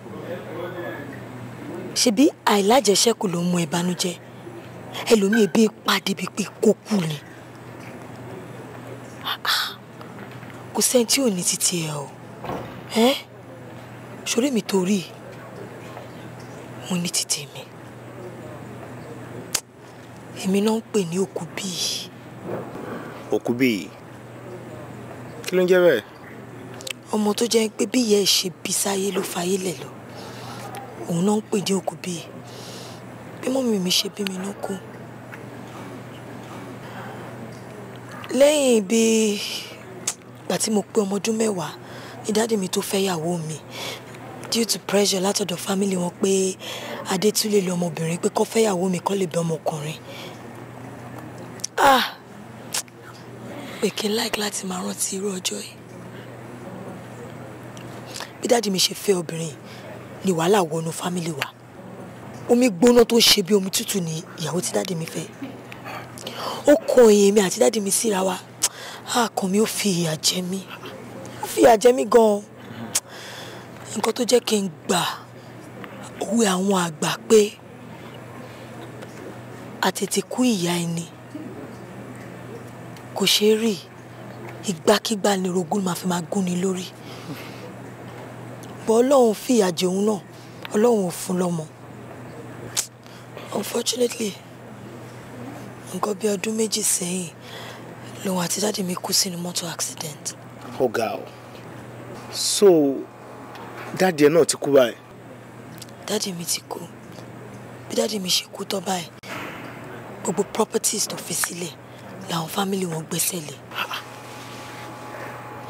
ṣebí àìlájẹṣẹ́kù ló mú ìbànújẹ́ ẹlòmíì bí pàdé bíi pé kókù ni. Ah, ah kò sẹ́ni tí ò ní títí ẹ o ẹ́ ṣorí mi torí mo ní títí mi èmi náà ń pè ní òkú bíi. òkú bíi kí ló ń jẹ́ bẹ́ẹ̀. ọmọ tó jẹ́ pé bí ìyá ẹ̀ ṣe bí sáyé ló fayé lẹ̀ lọ òun náà ń pè ní òkú bíi bí mọ́mí mi ṣe bí mi náà kú lẹ́yìn bíi ìgbà tí mo pé ọmọ ọdún mẹ́wàá ni dáàdì mi tó fẹ́ mi due to pressure látọ̀dọ̀ family wọn pé adétúlẹ̀ lọ ọmọbìnrin pé kó fẹ́ yàwó mi kó lè bí ọmọkùnrin. ah pé kí n like láti máa rántí irú ọjọ́ yìí bí dáàdì mi ṣe fẹ́ obìnrin ni wàhálà wọnú family wa omi gbóná tó ń ṣe bí omi tútù ni ìyàwó tí dáàdì mi fẹ́ ó kan èèyàn mi àti dáàdì mi síra wa àkàn mi ó fi ìyà jẹ mí ó fi ìyà jẹ mí gan-an nǹkan tó jẹ́ kí n gbà òwe àwọn àgbà pé àtètè kú ìyá ẹni kò ṣeé rí ìgbàkígbà ni rogún máa fi máa gúnni lórí bọ́ ọlọ́run fìyà jẹ òun náà ọlọ́run ò fún lọ́mọ unfortunately nǹkan bíi ọdún méjì sẹ́yìn lòun àti dáàdì mi kú sínú mọ́tò accident. ó ga so dáàdì ẹ náà ti kú báyìí. dáàdì mi ti kú bí dáàdì mi ṣe kú tán báyìí gbogbo properties tó fi sílẹ̀ làwọn fámìlì wọn gbẹ́sẹ̀ lé.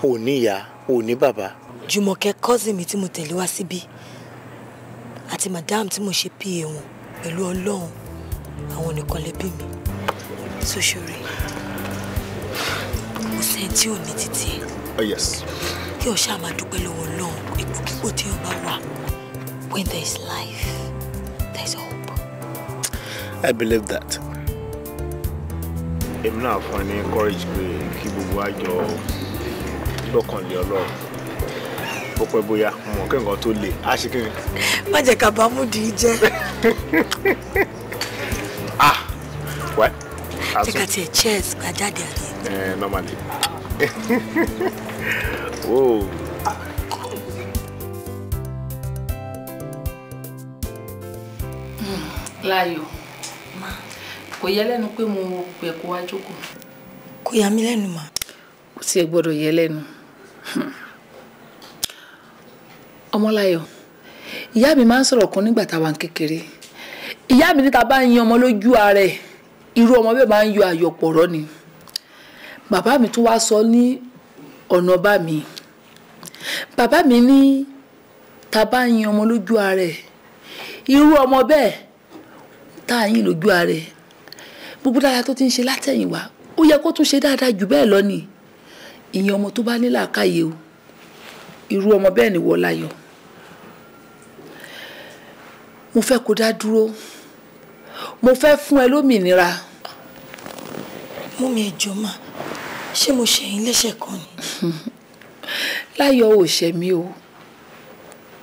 ò ní ìyá ò ní bàbá. jùmọ̀kẹ́ cousin mi tí mo tẹ̀lé wá síbí àti madam tí mo ṣe pa wọn pẹ̀lú ọlọ́run àwọn nìkan lè bí mi sóṣèré. So, kò sẹ́ni tí ò ní títí oh, kí o máa dúpẹ́ lọ́wọ́ Ọlọ́run ipòkípò tí o bá wà. when there is life there is hope. I believe that. èmi náà fún ẹ ní courage pé kí gbogbo àjọ lọ́kànlé Ọlọ́run bó pẹ́ bóyá mọ̀ kí nǹkan tó le á ṣe kíni. má jẹ́ ká bámú di í jẹ́. ah wẹ́. jẹ́ ká tiẹ̀ chess gbajáde àlejò. and normally. Whoa. Layo. Ma. Koyele no kwe mu kwe kwa joko. Koyamile no ma. Kusie bodo yele no. Omo layo. Iya bi ma soro kon nigba ta wa nkekere. Iya bi ni ta ba yin omo loju are. Iru omo be ba nyu ayopo ro ni. bàbá mi tún wá sọ ní ọ̀nà bá mi bàbá mi ní ta bá yin ọmọ lójú ara ẹ̀ irú ọmọ bẹ́ẹ̀ tá a yin lójú ara gbogbo dáadáa tó ti ń ṣe látẹ̀yìnwá ó yẹ kó tún ṣe dáadáa jù bẹ́ẹ̀ lọ ni ìyẹn ọmọ tó bá ní làákàyè o irú ọmọ bẹ́ẹ̀ ni wọ́n láyọ̀ mo fẹ́ kó dá dúró mo fẹ́ fún ẹ lómìnira. mú mi ẹjọ́ máa ṣé mo ṣe yín léṣe kan ni. láyọ̀ ò ṣẹ̀ mí o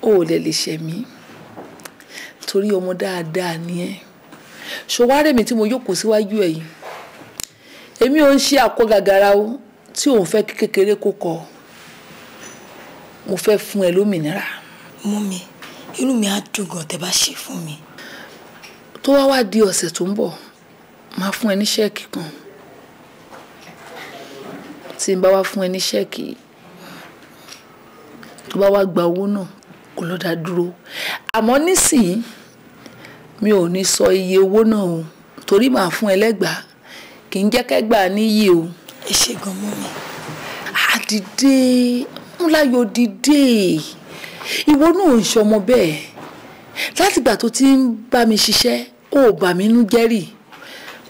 ò lè lè ṣẹ̀ mí torí ọmọ dáadáa ni ẹ ṣòwárẹ̀ mi tí mo jókòó síwájú ẹ̀ yìí èmi ò ń ṣe àkọ́gàgàrà o tí òun fẹ́ kí kékeré kó kọ mo fẹ́ fún ẹ lómìnira. mú mi inú mi á dùn gan tẹ́ bá ṣe fún mi. tó wá wá di ọ̀sẹ̀ tó ń bọ̀ máa fún ẹ ní ṣẹ́ẹ̀kì kan tí n bá wá fún ẹ ní ṣẹ́ẹ̀kì tó bá wá gba owó náà kó lọ́ọ́ dá dúró àmọ́ nísìnyí mi ò ní sọ iye owó náà o torí màá fún ẹ lẹ́gbàá kì í jẹ́ kẹ́gbà níyì o. ẹ ṣe gan mọ́ mi. àdìdé ńláyò dìde ìwọ náà ò ń ṣọmọ bẹ́ẹ̀ látìgbà tó ti ń bá mi ṣiṣẹ́ ó bà mí nú jẹ́rìí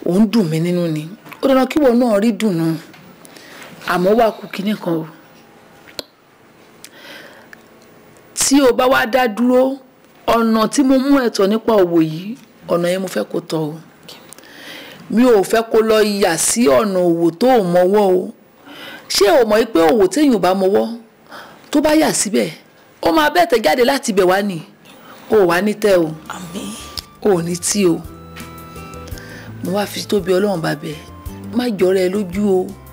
òun dùn mí nínú ni ó dáná kí ìwọ náà rí dùnú. No àmọ́ wà kú kinní kan o tí o bá wá dá dúró ọ̀nà tí mo mú ẹ̀tọ́ nípa òwò yìí ọ̀nà yẹn mo fẹ́ kó tọ̀ o mi ò fẹ́ kó lọ yà sí ọ̀nà òwò tó ò mọwọ́ o ṣé o mọ̀ pé òwò téèyàn bá mọwọ́ tó bá yà síbẹ̀ ó máa bẹ́ẹ̀ tẹ̀ jáde láti ibẹ̀ wá nì o wà ní tẹ́ o o ní tí o mo wá fi tóbi ọlọ́run bàbẹ̀ má jọra ẹ lójú o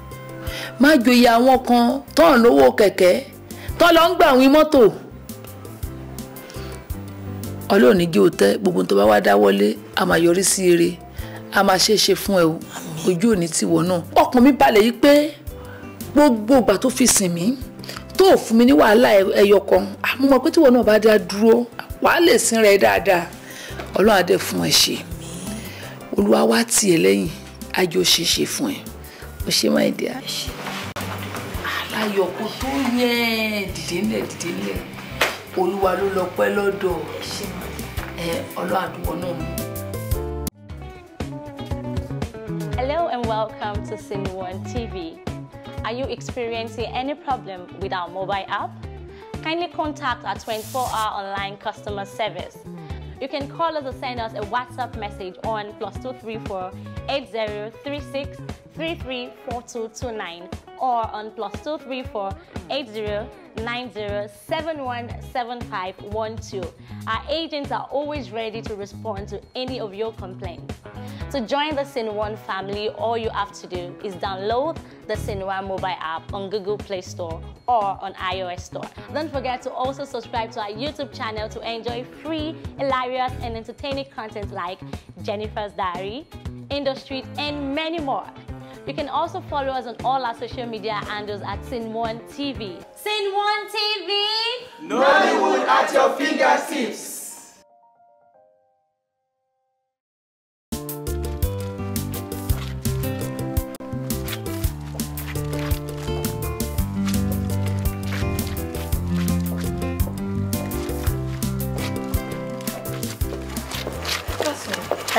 má joyè àwọn kan tán lówó kẹ̀kẹ́ tán lọ ń gbà wín mọ́tò ọlọ́run ní jẹ́ òótẹ́ gbogbo tó bá wá dáwọ́lé a máa yọrí sí eré a máa ṣe é ṣe fún ẹ ojú òní tìwọ náà ọkàn mi balẹ̀ yìí pé gbogbo ìgbà tó fi sìn mí tó fún mi ní wàhálà ẹyọ kan mo mọ̀ pé tíwọ náà bá dá dúró wàá lè sin rẹ dáadáa ọlọ́run á dẹ̀ fún ẹ ṣe olúwa wá tì lẹ́yìn á jọ ṣe ṣe fún ẹ. tó dìde ńlẹ̀ dìde ńlẹ̀ olúwa ló lọ pẹ́ lọ́dọ̀ mú. Hello and welcome to Sinuan TV. Are you experiencing any problem with our mobile app? Kindly contact our 24-hour online customer service. You can call us or send us a WhatsApp message on plus 234 8036 334229 or on plus 234 7090717512. Our agents are always ready to respond to any of your complaints. To join the Sinwan family, all you have to do is download the Sinwan mobile app on Google Play Store or on iOS Store. Don't forget to also subscribe to our YouTube channel to enjoy free, hilarious, and entertaining content like Jennifer's Diary, Industry, and many more. You can also follow us on all our social media handles at Sin1 TV. Sin1 TV! Nollywood at your fingertips!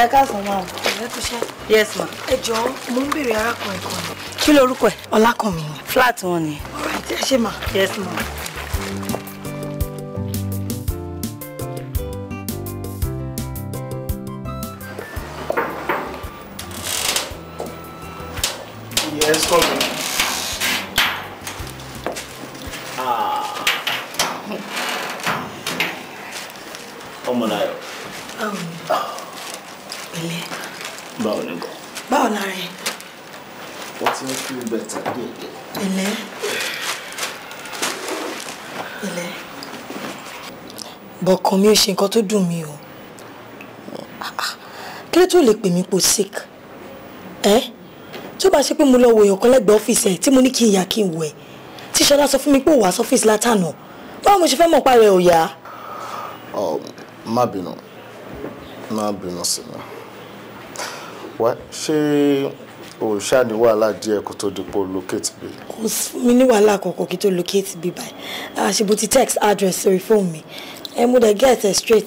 ẹ káàsán mom? ẹkúṣẹ́. yes ma. ẹ jọ mo ń béèrè arákùnrin kan ni. kí lorúkọ ẹ. ọlákùnmí ni. flat wọn ni. ọ̀rẹ́ ẹ ṣe mà. yes ma. ọkàn mi ò ṣe nǹkan tó dùn mí o kí ló tó lè pè mí po sick ẹ tó bá ṣe pé mo lọ wo èèyàn kan lẹ́gbẹ̀ẹ́ ọ́fíìsì ẹ̀ tí mo ní kí n yà kí n wẹ̀ tí ṣọlá sọ fún mi pé ò wá sọ́fíìsì látànà báwo mo ṣe fẹ́ mọ̀ pa rẹ̀ ò yá. ọ um, má bínú má bínú sí mi wá ṣé òòṣà ní wàhálà díẹ̀ kó tó di pé o locate bí. kò sí mi ní wàhálà kọ̀ọ̀kan kí tó locate bí báyìí àṣìbò ti text address sórí fóònù mi ẹ mú dẹ get ẹ straight.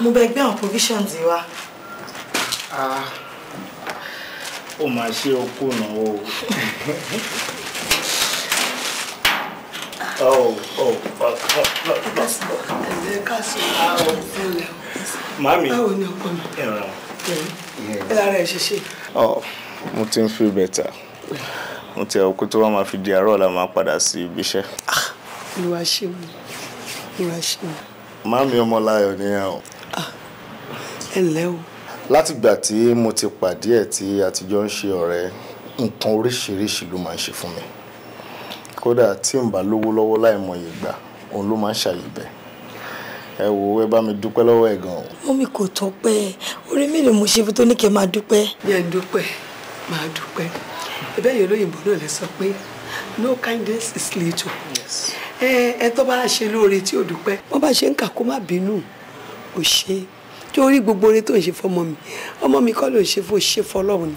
mo bẹ gbé àwọn provisions wa. Ah, ó máa ṣe okú ìnáwó o. mami oh, oh, oh, oh ah, ni ọkọ mi ẹ lára ẹ ṣe ṣe. mo ti ń feel better mo ti ẹ̀ òkú tó wá máa fi di àárọ̀ la máa padà sí ibi iṣẹ́. ìwà ah, ṣe mi. Mami Ọmọláyọ̀ ni ẹ o. Ẹ ǹlẹ́ o. Látìgbà tí mo ti pàdé ẹ̀ tí àtijọ́ ń ṣe ọ̀rẹ́, nǹkan oríṣiríṣi ló máa ń ṣe fún mi. Kódà tí n bá lówó lọ́wọ́ láìmọye ìgbà, òun ló máa ń ṣàyẹ̀bẹ̀ ẹ wo ẹ bá mi dúpẹ́ lọ́wọ́ ẹ̀ gan. mọ́mí kò tọ́pẹ́ orí mi lè mú ṣe tó ní kí n máa dúpẹ́. yẹ dúpẹ́ máa dúpẹ́ ẹ̀bẹ̀ yìí olóyìnbó náà lè sọ pé no kindness is little. Yes ẹ tó bá ṣe lóore tí ò dúpẹ́ wọ́n bá ṣe ń kà kó má bínú ò ṣe torí gbogbo oore tó ń ṣe fọmọ mi ọmọ mi kọ́ ló ń ṣe fún ṣe fọlọ́run ni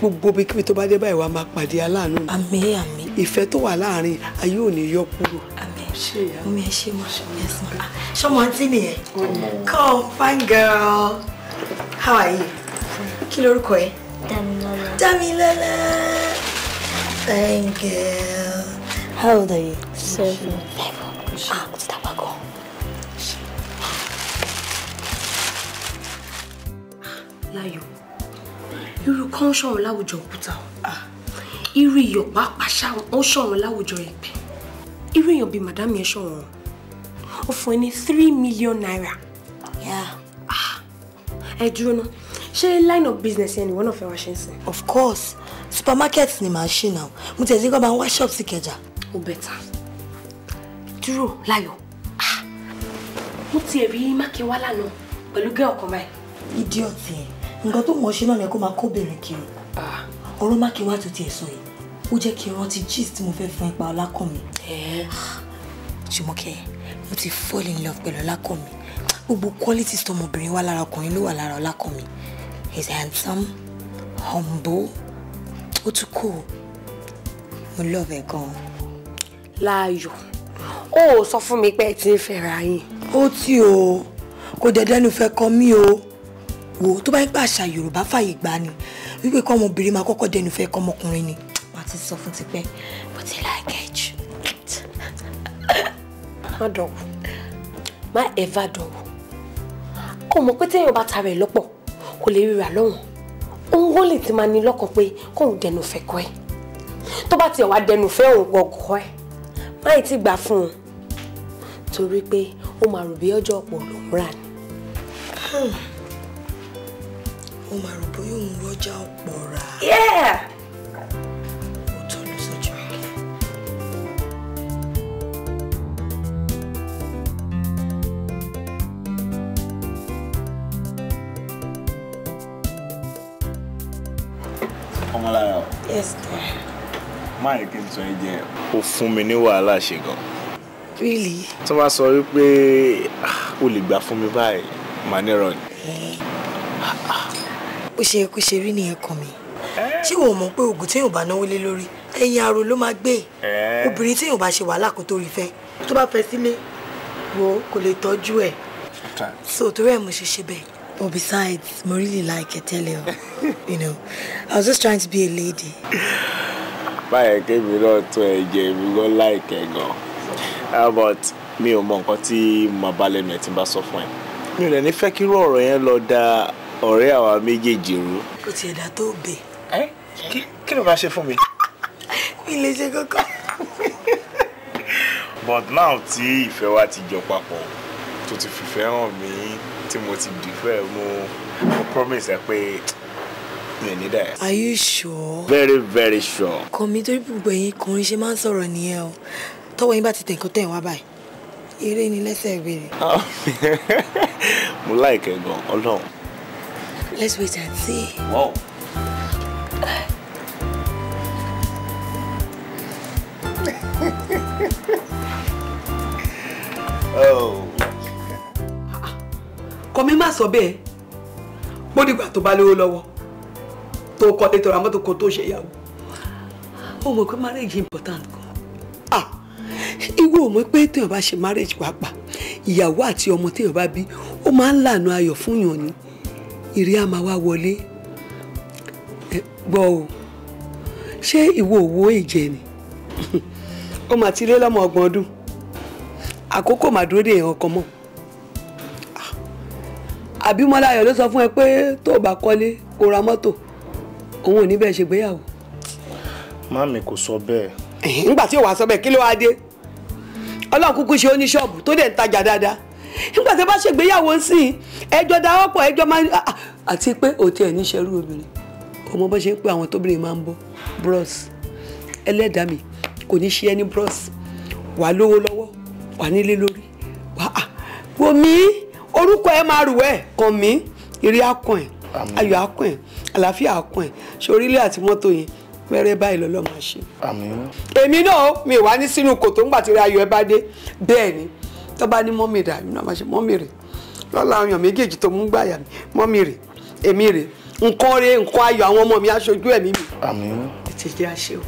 gbogbo bí kíbi tó bá dé báyìí wàá máa pàdé aláàánú ni àmín àmín ìfẹ́ tó wà láàárín ayé ò ní yọ kúrò. àmín omi ẹ ṣe mọ ṣọmọ àǹtí nìyẹn come fine girl how are you kí lorúkọ ẹ. Damilola Damilola fine girl. How old are you? Seven. Seven. Ah, stop ago. Láyọ̀, irú kan ṣọ̀run láwùjọ òkúta. Ah, irú iyọ̀ pàápàá ó ṣọ̀run láwùjọ ìpè. Irú èèyàn bíi màdámì ẹ̀ ṣọ̀run. Ó fún ẹ ní three million naira. Yeah. Ah, Ẹ dúró náà, ṣé line of business yẹn ni ìwọ náà fẹ́ wá Of course, supermarket ni machine now. náà, mo tẹ̀sí kọ́ bá ń wá ṣọ́ọ̀bù sí kẹjà ó bẹ̀tà dúró láyọ̀ ah! mo tiẹ̀ rí mákewá lánàá pẹ̀lú gẹ́ ọ̀kan báyìí. idiot ẹ̀ nǹkan tó wọ́n ṣe náà ni kó máa kóbìnrin kiri ah! ọ̀rọ̀ mákewá tó tiẹ̀ sọ yìí ó jẹ́ kí n rántí gist tí mo fẹ́ fún ipa ọlákànmí. Eh? ṣùmọ́kẹ́ mo ti fall in love pẹ̀lú ọlákànmí gbogbo stone tọmọbìnrin wà lára ọkùnrin ló wà lára ọlákànmí he's handsome humble ó tún kò mo love ẹ̀ gan-an láàyò ó sọ fún mi pé ẹ ti ń fẹ́ra yín. ó tí o kò dẹ̀dẹ́ nu fẹ́ kọ́ mí o wò tó bá ń pa àṣà yorùbá fàyè gbà ni wípé kọ́ ọmọbìnrin máa kọ́kọ́ dẹnu fẹ́ kọ́ ọmọkùnrin ni wà á ti sọ fún tipẹ́ bó ti láìka ẹ̀ jù. má dọ̀wọ́ má ẹ̀fà dọ̀wọ́ ó mọ̀ pé téèyàn bá ta rẹ̀ lọ́pọ̀ kò lè ríra lọ́wọ́n òun wọ́n lè ti máa ní lọ́kàn pé kóun dẹnu fẹ́ kọ́ ẹ̀ tó bá tiẹ̀ wá dẹnu fẹ́ òun gbọ̀ngàn ẹ̀ báyìí ti gbà fún un torí pé ó máa rò bí ọjọ́ ọ̀pọ̀ lòún rà ni. Hmm. ó máa rò bóyá òun rọjà ọ̀pọ̀ rà. yeah. má kí n sọ jẹ ó fún mi ní wàhálà ṣe gan. really. tí wọ́n bá sọ wípé ah, o lè gbà fún mi báyìí màá ní ni. ó ṣe kó ṣe rí nìyẹn kan mi ṣé o mọ̀ pé oògùn téèyàn bá náwó lé lórí ẹ̀yìn aró ló máa gbé obìnrin téèyàn bá ṣe wàhálà kó tó rí fẹ́ tó bá fẹ́ sílé wo kò lè tọ́jú ẹ̀ so torí ẹ̀ mo ṣe ṣe bẹ́ẹ̀. But besides, I really like it, tell you. you know, I was just trying to be a lady báyẹn kémi náà tó ẹ̀jẹ̀ mi gan láìkẹ́ gan but mi ò mọ nǹkan tí mo bá lẹ́nu ẹ̀ tí n bá sọ fún ẹ mi ò lè ní fẹ́ kí irú ọ̀rọ̀ yẹn lọ da ọ̀rẹ́ àwa méjèèjì rú. kò tiẹ̀ dá tó bè. ẹ kí ló máa ṣe fún mi. mi lè ṣe kókó. but now tí ìfẹ́ wa ti jọ papọ̀ tó ti fìfẹ́ hàn mí tí mo ti dìfẹ́ mo promise ẹ pé mi ní dà are you sure. very very sure. kàn mí torí gbogbo ẹ̀yin kùnrin ṣe máa ń sọ̀rọ̀ nìyẹn o tọ́wọ́ yín bá ti tẹ̀ nǹkan tẹ̀ wá báyìí eré ni lẹ́sẹ̀ rere. Ah, mo láìkẹ́ gan ọlọ́run. let's wait and see. wow. Oh. kọ́ mi má sọ bẹ́ẹ̀ bó dìgbà tó bá lówó lọ́wọ́ tó kọ́lé tó ra mọ́tò kó tó ṣe ìyàwó. ó mọ̀ pé marriage important kan. ah ìwọ ò mọ̀ pé téèyàn bá ṣe marriage pàápàá ìyàwó àti ọmọ téèyàn bá bí ó máa ń lànà ayọ̀ fún yàn ni ìrí á máa wá wọlé gbọ́ o ṣé ìwọ òwò ìjẹ ni ó mà ti lé lọ́mọ ọgbọ̀n ọdún àkókò mà dúró dé èèyàn ọkàn mọ́ ah, àbí mọ́láyọ̀ ló sọ fún ẹ pé tó o bá kọ́lé kó ra mọ́tò òun ò ní bẹ́ẹ̀ ṣe gbéyàwó. Màmí kò sọ bẹ́ẹ̀. Nígbà tí ò wá sọ bẹ́ẹ̀ kí ló wá dé? Ọlọ́run kúkú ṣe oníṣọ́ọ̀bù tó dẹ̀ ń tajà dáadáa. Nígbà tí ẹ bá ṣègbéyàwó sí i, ẹjọ́ dáwọ́pọ̀ ẹjọ́ máa ń ah, ah, àti pé òtí ẹ̀ níṣẹ́rú obìnrin. Ọmọ bó ṣe ń pè àwọn tóbìnrin máa ń bọ́ bros. Ẹlẹ́dàá mi kò ní ṣe ẹni bros. Wà lówó lọ́wọ́, wà nílé lórí, wà á. Ah, Wo mi orúkọ ẹ máa rù ẹ̀ kàn mí, ìrì akàn ẹ̀, ayọ̀ akàn ẹ̀, àlàáfíà akàn ẹ̀, ṣorílẹ̀ àti mọ́tò yẹn pẹ́rẹ́ báyìí lọ́lọ́ máa ṣe. àmín. èmi náà mi wá ní sínú kòtò ńgbà tí ayọ̀ ẹ bá dé bẹ́ẹ̀ ni tó bá ní mọ́mì rẹ̀ àmì náà máa ṣe mọ́mì rẹ̀ lọ́la àwọn èèyàn méjèèjì tó mú gbàyà mi mọ́mì rẹ̀ èmi rẹ̀ nǹkan rẹ̀ nǹkan ayọ̀ àwọn ọmọ mi aṣojú ẹ̀mí mi. àmín. ẹ ti jẹ́ àṣẹ o.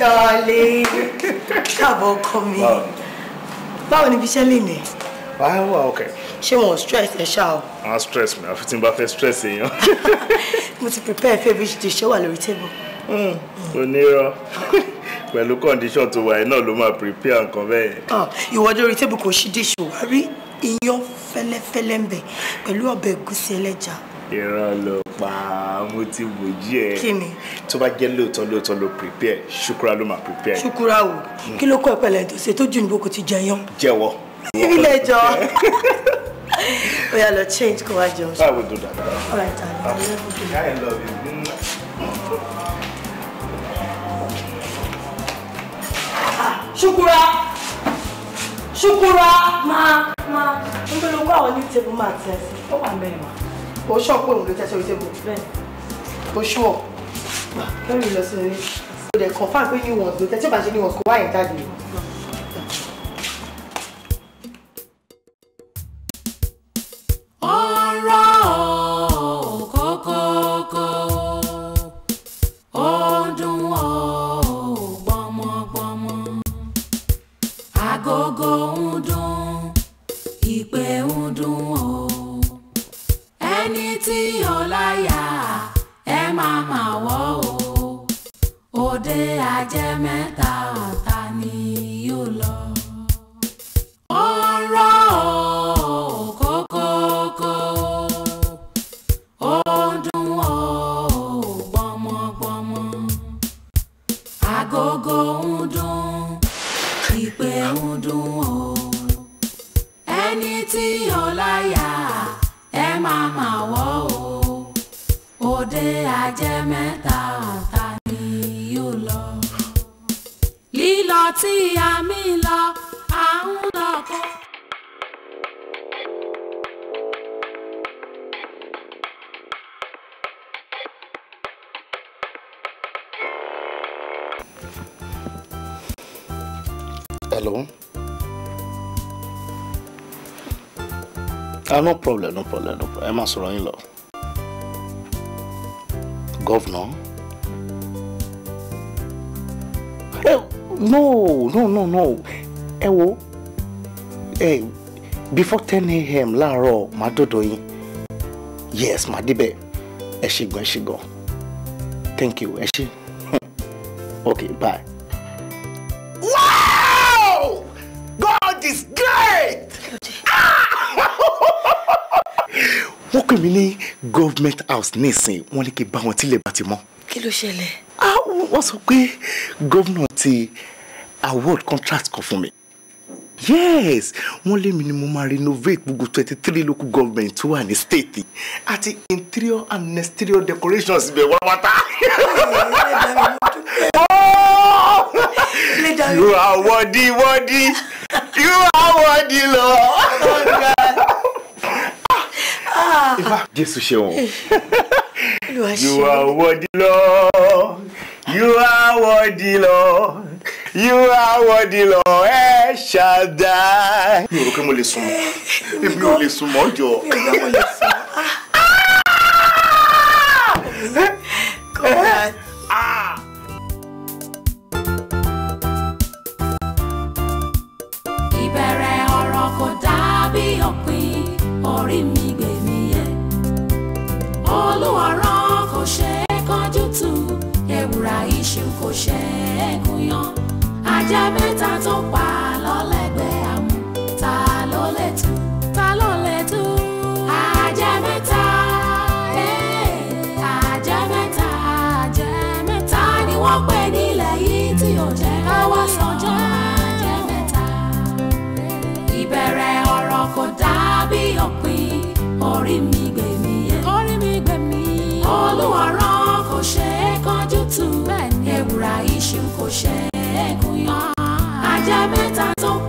darling. Káàbọ̀ ọkọ mi. Báwo ni ibiṣẹ́ lè ní? Báwo wà ọkẹ́. Ṣé wọn ò stress the show. o? Àwọn stress mi àfi tí n bá fẹ́ stress èèyàn. Mo ti prepare favourite dish ó wà lórí table. Hmm, Onírọ̀ pẹ̀lú condition tó wà yìí náà ló máa prepare nǹkan bẹ́ẹ̀. Ah, ìwọ lórí table kò ṣí dish wá rí iyán fẹ́lẹ́fẹ́lẹ́ ń bẹ̀ pẹ̀lú ọbẹ̀ ẹ̀gúsí ẹlẹ́ja irọ́ ló pa mo ti wòjí ẹ kí ni tó bá jẹ́ lóòótọ́ lóòótọ́ ló prepare ṣukura ló máa prepare. ṣukura o hmm. kí ló kọ ìpẹlẹ ìdòsè tó jù níbo kò ti jẹyàn. jẹ́wọ́. ilé ẹjọ́ oya lọ change kó wá jẹun. báwo do that. all right ah. i love you. Mm. ṣukura ṣukura. máa máa ń bẹ lóko àwọn ní table mat ẹ sí ó wà mẹ́rin wa o ṣọ́ pé òun ló jẹ́ sórí tébù o ṣọ́ kẹ́rì lọ sínú ilé o dẹ̀ kàn fáà pé ní wọ̀n gbé tẹ́tí ò bá ṣe ní wọ̀n kó wáyé jáde. ọ̀rọ̀ kọ́kọ́kọ́ ọdún ọ̀gbọ́mọgbọ́mọ agogo ń dún ìpè ń dún ọ̀ tí ọláyà ẹ máa máa wọ̀ o òde ajẹ́ mẹ́ta ọ̀tá. sir ah, no problem no problem no problem ẹ máa sọ̀rọ̀ yín lọ. gọ́vnà. no no no no ẹ wo ẹ before ten a.m. láàárọ̀ máa dọ̀dọ̀ yín yes máa débẹ̀ ẹ ṣe gan ẹ ṣe gan thank you ẹ ṣe ok bye. pè mí ní government house nísìn wọ́n ní kí n bá wọn tílẹ̀ bá ti mọ́. kí ló ṣẹlẹ̀. wọ́n sọ pé gómìnà ti award contract kan fún mi yes wọ́n lé mi ni mo máa renovate gbogbo twenty three local government tó wà ní state àti interior and exterior decorations bẹ̀ wáwátá. you are worthy worthy you are worthy lọ ifá jésù ṣeun you are worthy lord you are worthy lord you are worthy lord I shall die. You rò pé mo lè sùn mọ́ mi ò lè sùn mọ́ ajá mẹ́ta tó pa lọ́lẹ́gbẹ́ àmú ta ló lè tú ta ló lè tú. ajá mẹ́ta eh, ni wọ́n pè nílẹ̀ yìí tí ò jẹ́ káwá sọjọ́ ajá mẹ́ta. Eh. ìbẹ̀rẹ̀ ọ̀rọ̀ kò dàbí òpin orí mi gbè mí ṣe é kánjú tú ewùrà iṣu kò ṣe é lẹ́kùn yàn. ajá mẹ́ta tó